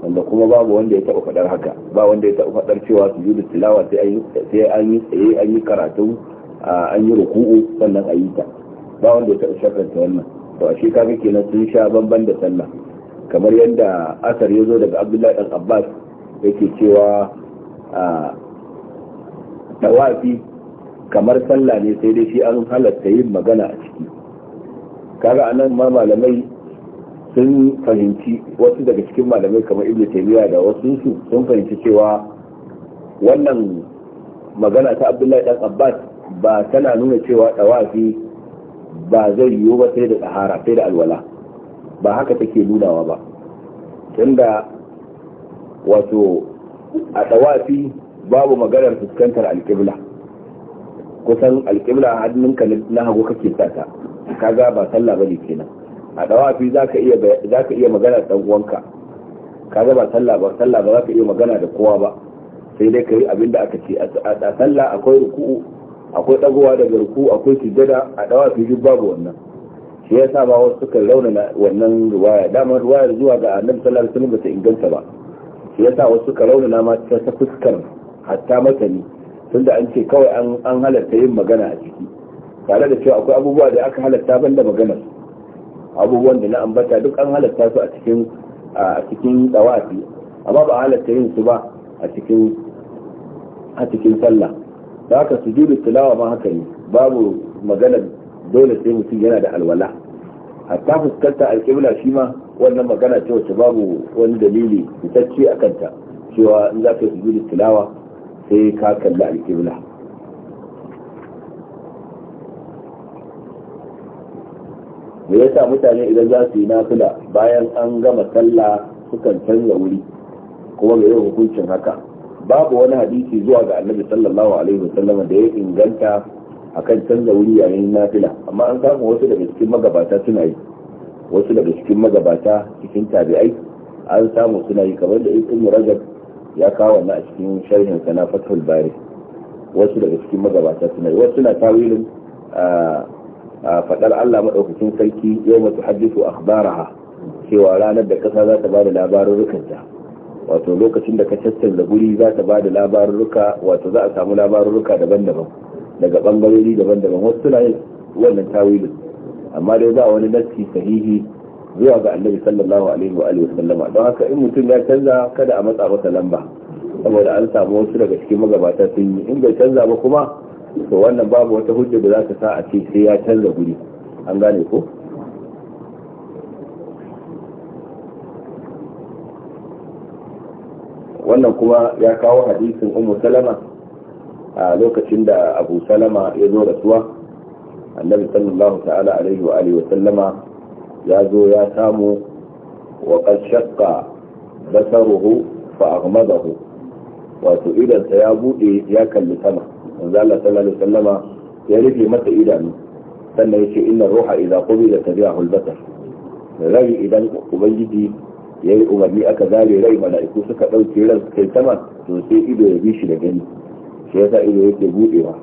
wanda kuma babu wanda ya taɓa faɗar haka ba wanda ya taɓa faɗar cewa su yi tilawa sai an yi karatu an yi ruku'u sannan a yi ta ba wanda ya taɓa ta wannan to a shekaru kenan sun sha banban da sallah kamar yadda asar ya zo daga abdullahi dan abbas yake cewa tawafi kamar sallah ne sai dai shi an halatta yin magana a ciki kaga anan ma malamai sun fahimci wasu daga cikin malamai kamar ibn taymiya da wasu su sun fahimci cewa wannan magana ta abdullahi dan abbas ba tana nuna cewa dawafi ba zai yiwu ba sai da tsahara sai da alwala ba haka take nunawa ba tunda wato a dawafi babu maganar fuskantar alƙibla kusan alƙibla hannunka na hagu kake sata kaga ba sallah bane kenan a dawafi zaka za ka iya magana dan uwanka ka ba sallah ba sallah ba ka iya magana da kowa ba sai dai ka yi abinda aka ce a sallah akwai ruku'u akwai dagowa daga ruku'u akwai sujada a dawafi duk babu wannan shi ya sa ba wasu suka raunana wannan ruwaya dama ruwayar zuwa ga annabi sallallahu sun ba bata inganta ba shi ya sa wasu suka raunana ma ta fuskar hatta matani tunda an ce kawai an halatta yin magana a ciki tare da cewa akwai abubuwa da aka halatta ban da maganar abubuwan da na ambata duk an halatta su a cikin a cikin tsawafi amma ba halatta yin su ba a cikin a cikin sallah da haka sujudu tilawa ma haka ne babu magana dole sai mutum yana da alwala hatta fuskanta alƙibla shi ma wannan magana ce wacce babu wani dalili fitacce a kanta cewa in za ka yi sujudu tilawa sai ka kalli alƙibla me yasa mutane idan za su yi nafila bayan an gama sallah sukan canza wuri kuma me yau hukuncin haka babu wani hadisi zuwa ga annabi sallallahu alaihi wasallam da ya inganta akan canza wuri yayin nafila amma an samu wasu daga cikin magabata suna yi wasu daga cikin magabata cikin tabi'ai an samu suna yi kamar da ibn rajab ya kawo wannan a cikin sharhin sa na fathul bari wasu daga cikin magabata suna yi wasu suna tawilin ah, fadar Allah maɗaukacin sarki yau mata hadisu akhbaraha cewa ranar da kasa za ta ba da labarurukanta wato lokacin da ka da guri za ta ba da labarurruka wato za a samu labarurruka daban-daban daga bangarori daban-daban wasu suna yin wannan tawilin amma dai ba wani nassi sahihi zuwa ga annabi sallallahu alaihi wa alihi wasallama don haka in mutum ya canza kada a matsa masa lamba saboda an samu wasu daga cikin magabata sun yi in bai canza ba kuma to wannan babu wata hujja da za ta sa a ce sai ya canza guri an gane ko wannan kuma ya kawo hadisin umu salama a lokacin da abu salama ya zo rasuwa annabi sallallahu ta'ala alaihi wa alihi wa sallama ya zo ya samu wa qad basaruhu fa aghmadahu wato idan ya bude ya kalli sama manzo Allah sallallahu alaihi wasallama ya rufe mata idanu sannan yace inna ruha idza qubila tabi'ahu al-basar rai idan ubangiji ya yi umarni aka zare rai mala'iku suka ɗauke ran kai sama to sai ido ya bi shi da gani shi yasa ido yake buɗewa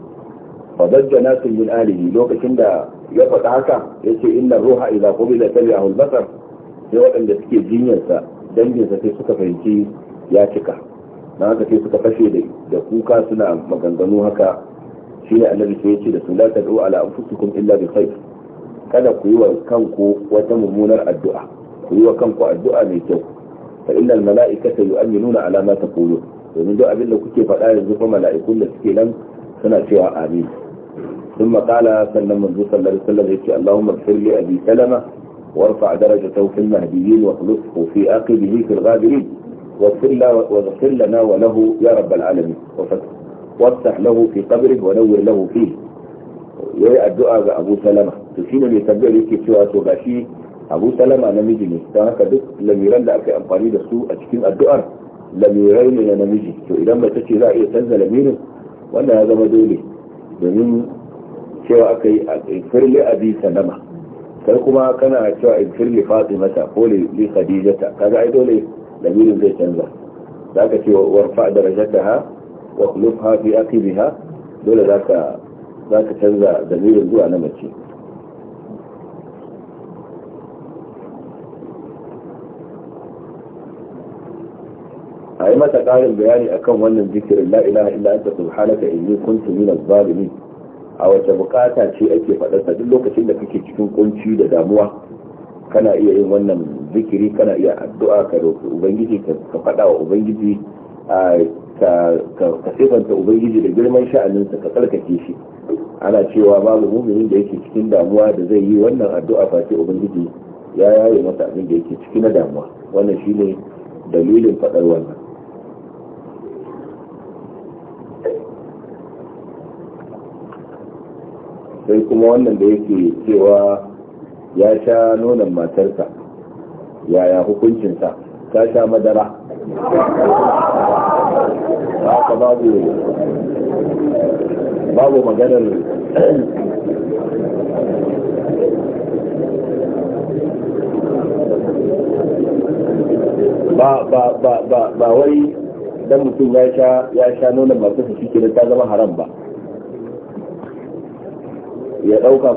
fa dajja nasu min alihi lokacin da ya faɗa haka yace inna ruha idza qubila tabi'ahu al-basar sai waɗanda suke jinyarsa danginsa sai suka fahimci ya cika na haka sai suka fashe da kuka suna maganganu haka shi ne annabi sai ya ce da su la du'a ala anfusikum illa bi khair kada ku yi wa kanku wata mummunar addu'a ku yi wa kanku addu'a mai kyau fa inna al mala'ikata yu'minuna ala ma taqulun domin duk abin da kuke faɗa yanzu fa mala'ikun da suke nan suna cewa amin ثم قال صلى الله عليه وسلم اللهم اغفر لي ابي سلمة وارفع درجته في المهديين واخلصه في اقبه في الغابرين واغفر لنا وله يا رب العالمين وافتح له في قبره ونور له فيه yayi addu'a ga Abu Salama to shine mai tabbayar yake cewa to gashi Abu Salama namiji ne don haka duk lamiran da aka yi amfani da su a cikin addu'ar lamirai ne na namiji to idan bata ce za a iya canza lamirin wannan ya zama dole domin cewa aka yi firli abi salama sai kuma kana cewa in firli fatimata ko li khadijata kaga ai dole dalilin zai canza za ka ce warfa da ha wa kulufha fi biya dole za ka canza lamirin zuwa na mace a yi mata ƙarin bayani akan wannan zikirin la ilaha illa anta subhanaka inni kuntu minaz zalimin a wace bukata ce ake fadarsa duk lokacin da kake cikin kunci da damuwa kana iya yin wannan zikiri kana iya addu'a ka roƙi ubangiji ka faɗa wa ubangiji ka sifanta ubangiji da girman sha'aninsa ka tsarkake shi ana cewa babu muminin da yake cikin damuwa da zai yi wannan addu'a face ubangiji ya yaye masa abin da yake ciki na damuwa wannan shine dalilin faɗar wannan sai kuma wannan da yake cewa ya sha nonon matarsa yaya hukuncinsa ta sha madara haka babu babu maganar ba wai dan mutum ya sha nonon matarsa shi ta zama haram ba ya ɗauka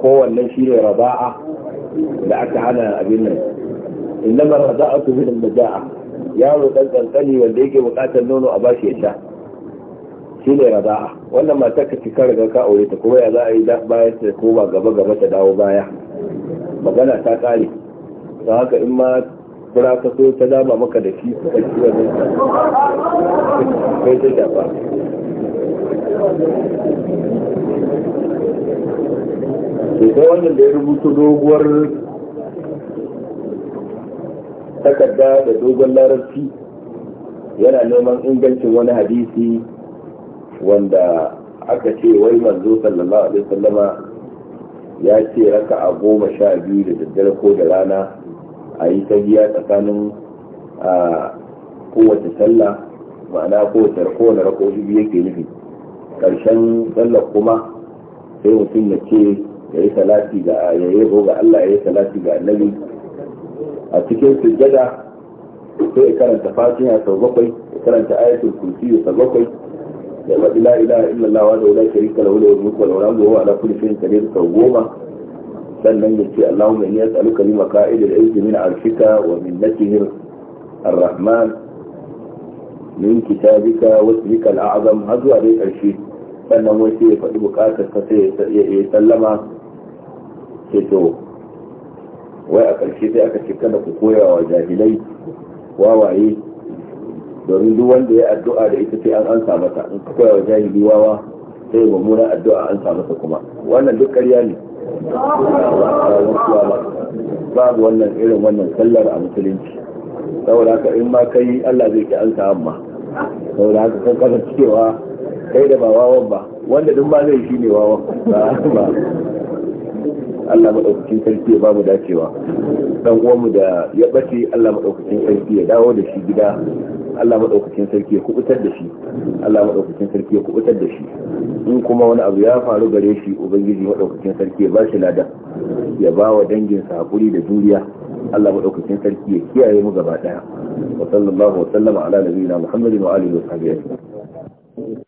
ko wannan shi ne raba'a da aka hana abin nan innama raba'a su min maja'a yaro dan kankani wanda yake buƙatar nono a bashi ya sha shi ne raba'a wannan matar ka cika riga ka aure ta kuma ya za a yi bayan ta ba gaba gaba ta dawo baya magana ta ƙare don haka in ma kura ka so ta dama maka da shi ka ci wannan kai ta shafa sai wannan da ya rubuta doguwar takarda da dogon larabci yana neman ingancin wani hadisi wanda aka ce wai manzo sallallahu alaihi wasallama ya ce raka a goma sha biyu da daddare ko da rana a yi ta biya tsakanin a kowace sallah ma'ana kowace kowane rako biyu yake nufi ƙarshen sallar kuma sai mutum ya ce ya yi salati ga yayi ga Allah ya yi salati ga annabi a cikin sujjada sai ya karanta ya sau bakwai ya karanta ayatul kursi sau bakwai ya faɗi la ilaha illallah wa la sharika lahu lahul mulku wa lahul hamdu wa ala kulli shay'in qadir sau goma sannan ya ce Allahumma inni as'aluka bi maqa'idil izzi min arshika wa min natihir الرحمن min kitabika wasmikal a'zam har zuwa dai karshe sannan wai sai ya faɗi bukatar ka sai ya sallama ce to wai a ƙarshe sai aka ce kada ku koya wa jahilai wawaye domin duk wanda ya addu'a da ita sai an ansa mata in ka koya wa jahili wawa sai mummunan addu'a an sa masa kuma wannan duk ƙarya ne babu wannan irin wannan sallar a musulunci saboda haka in ma kai Allah zai ki an sa'an amma saboda haka kan kasar cewa kai da ba wawan ba wanda duk ba zai shi ne wawan Allah maɗaukacin sarki ya ba mu dacewa dan uwanmu da ya bace Allah maɗaukacin sarki ya dawo da shi gida Allah maɗaukacin sarki ya kubutar da shi Allah maɗaukacin sarki ya kubutar da shi in kuma wani abu ya faru gare shi ubangiji maɗaukacin sarki ya ba shi ladan ya ba wa danginsa hakuri da juriya Allah maɗaukacin sarki ya kiyaye mu gaba ɗaya wa sallallahu wa sallama ala nabiyina Muhammadin wa alihi wa sahbihi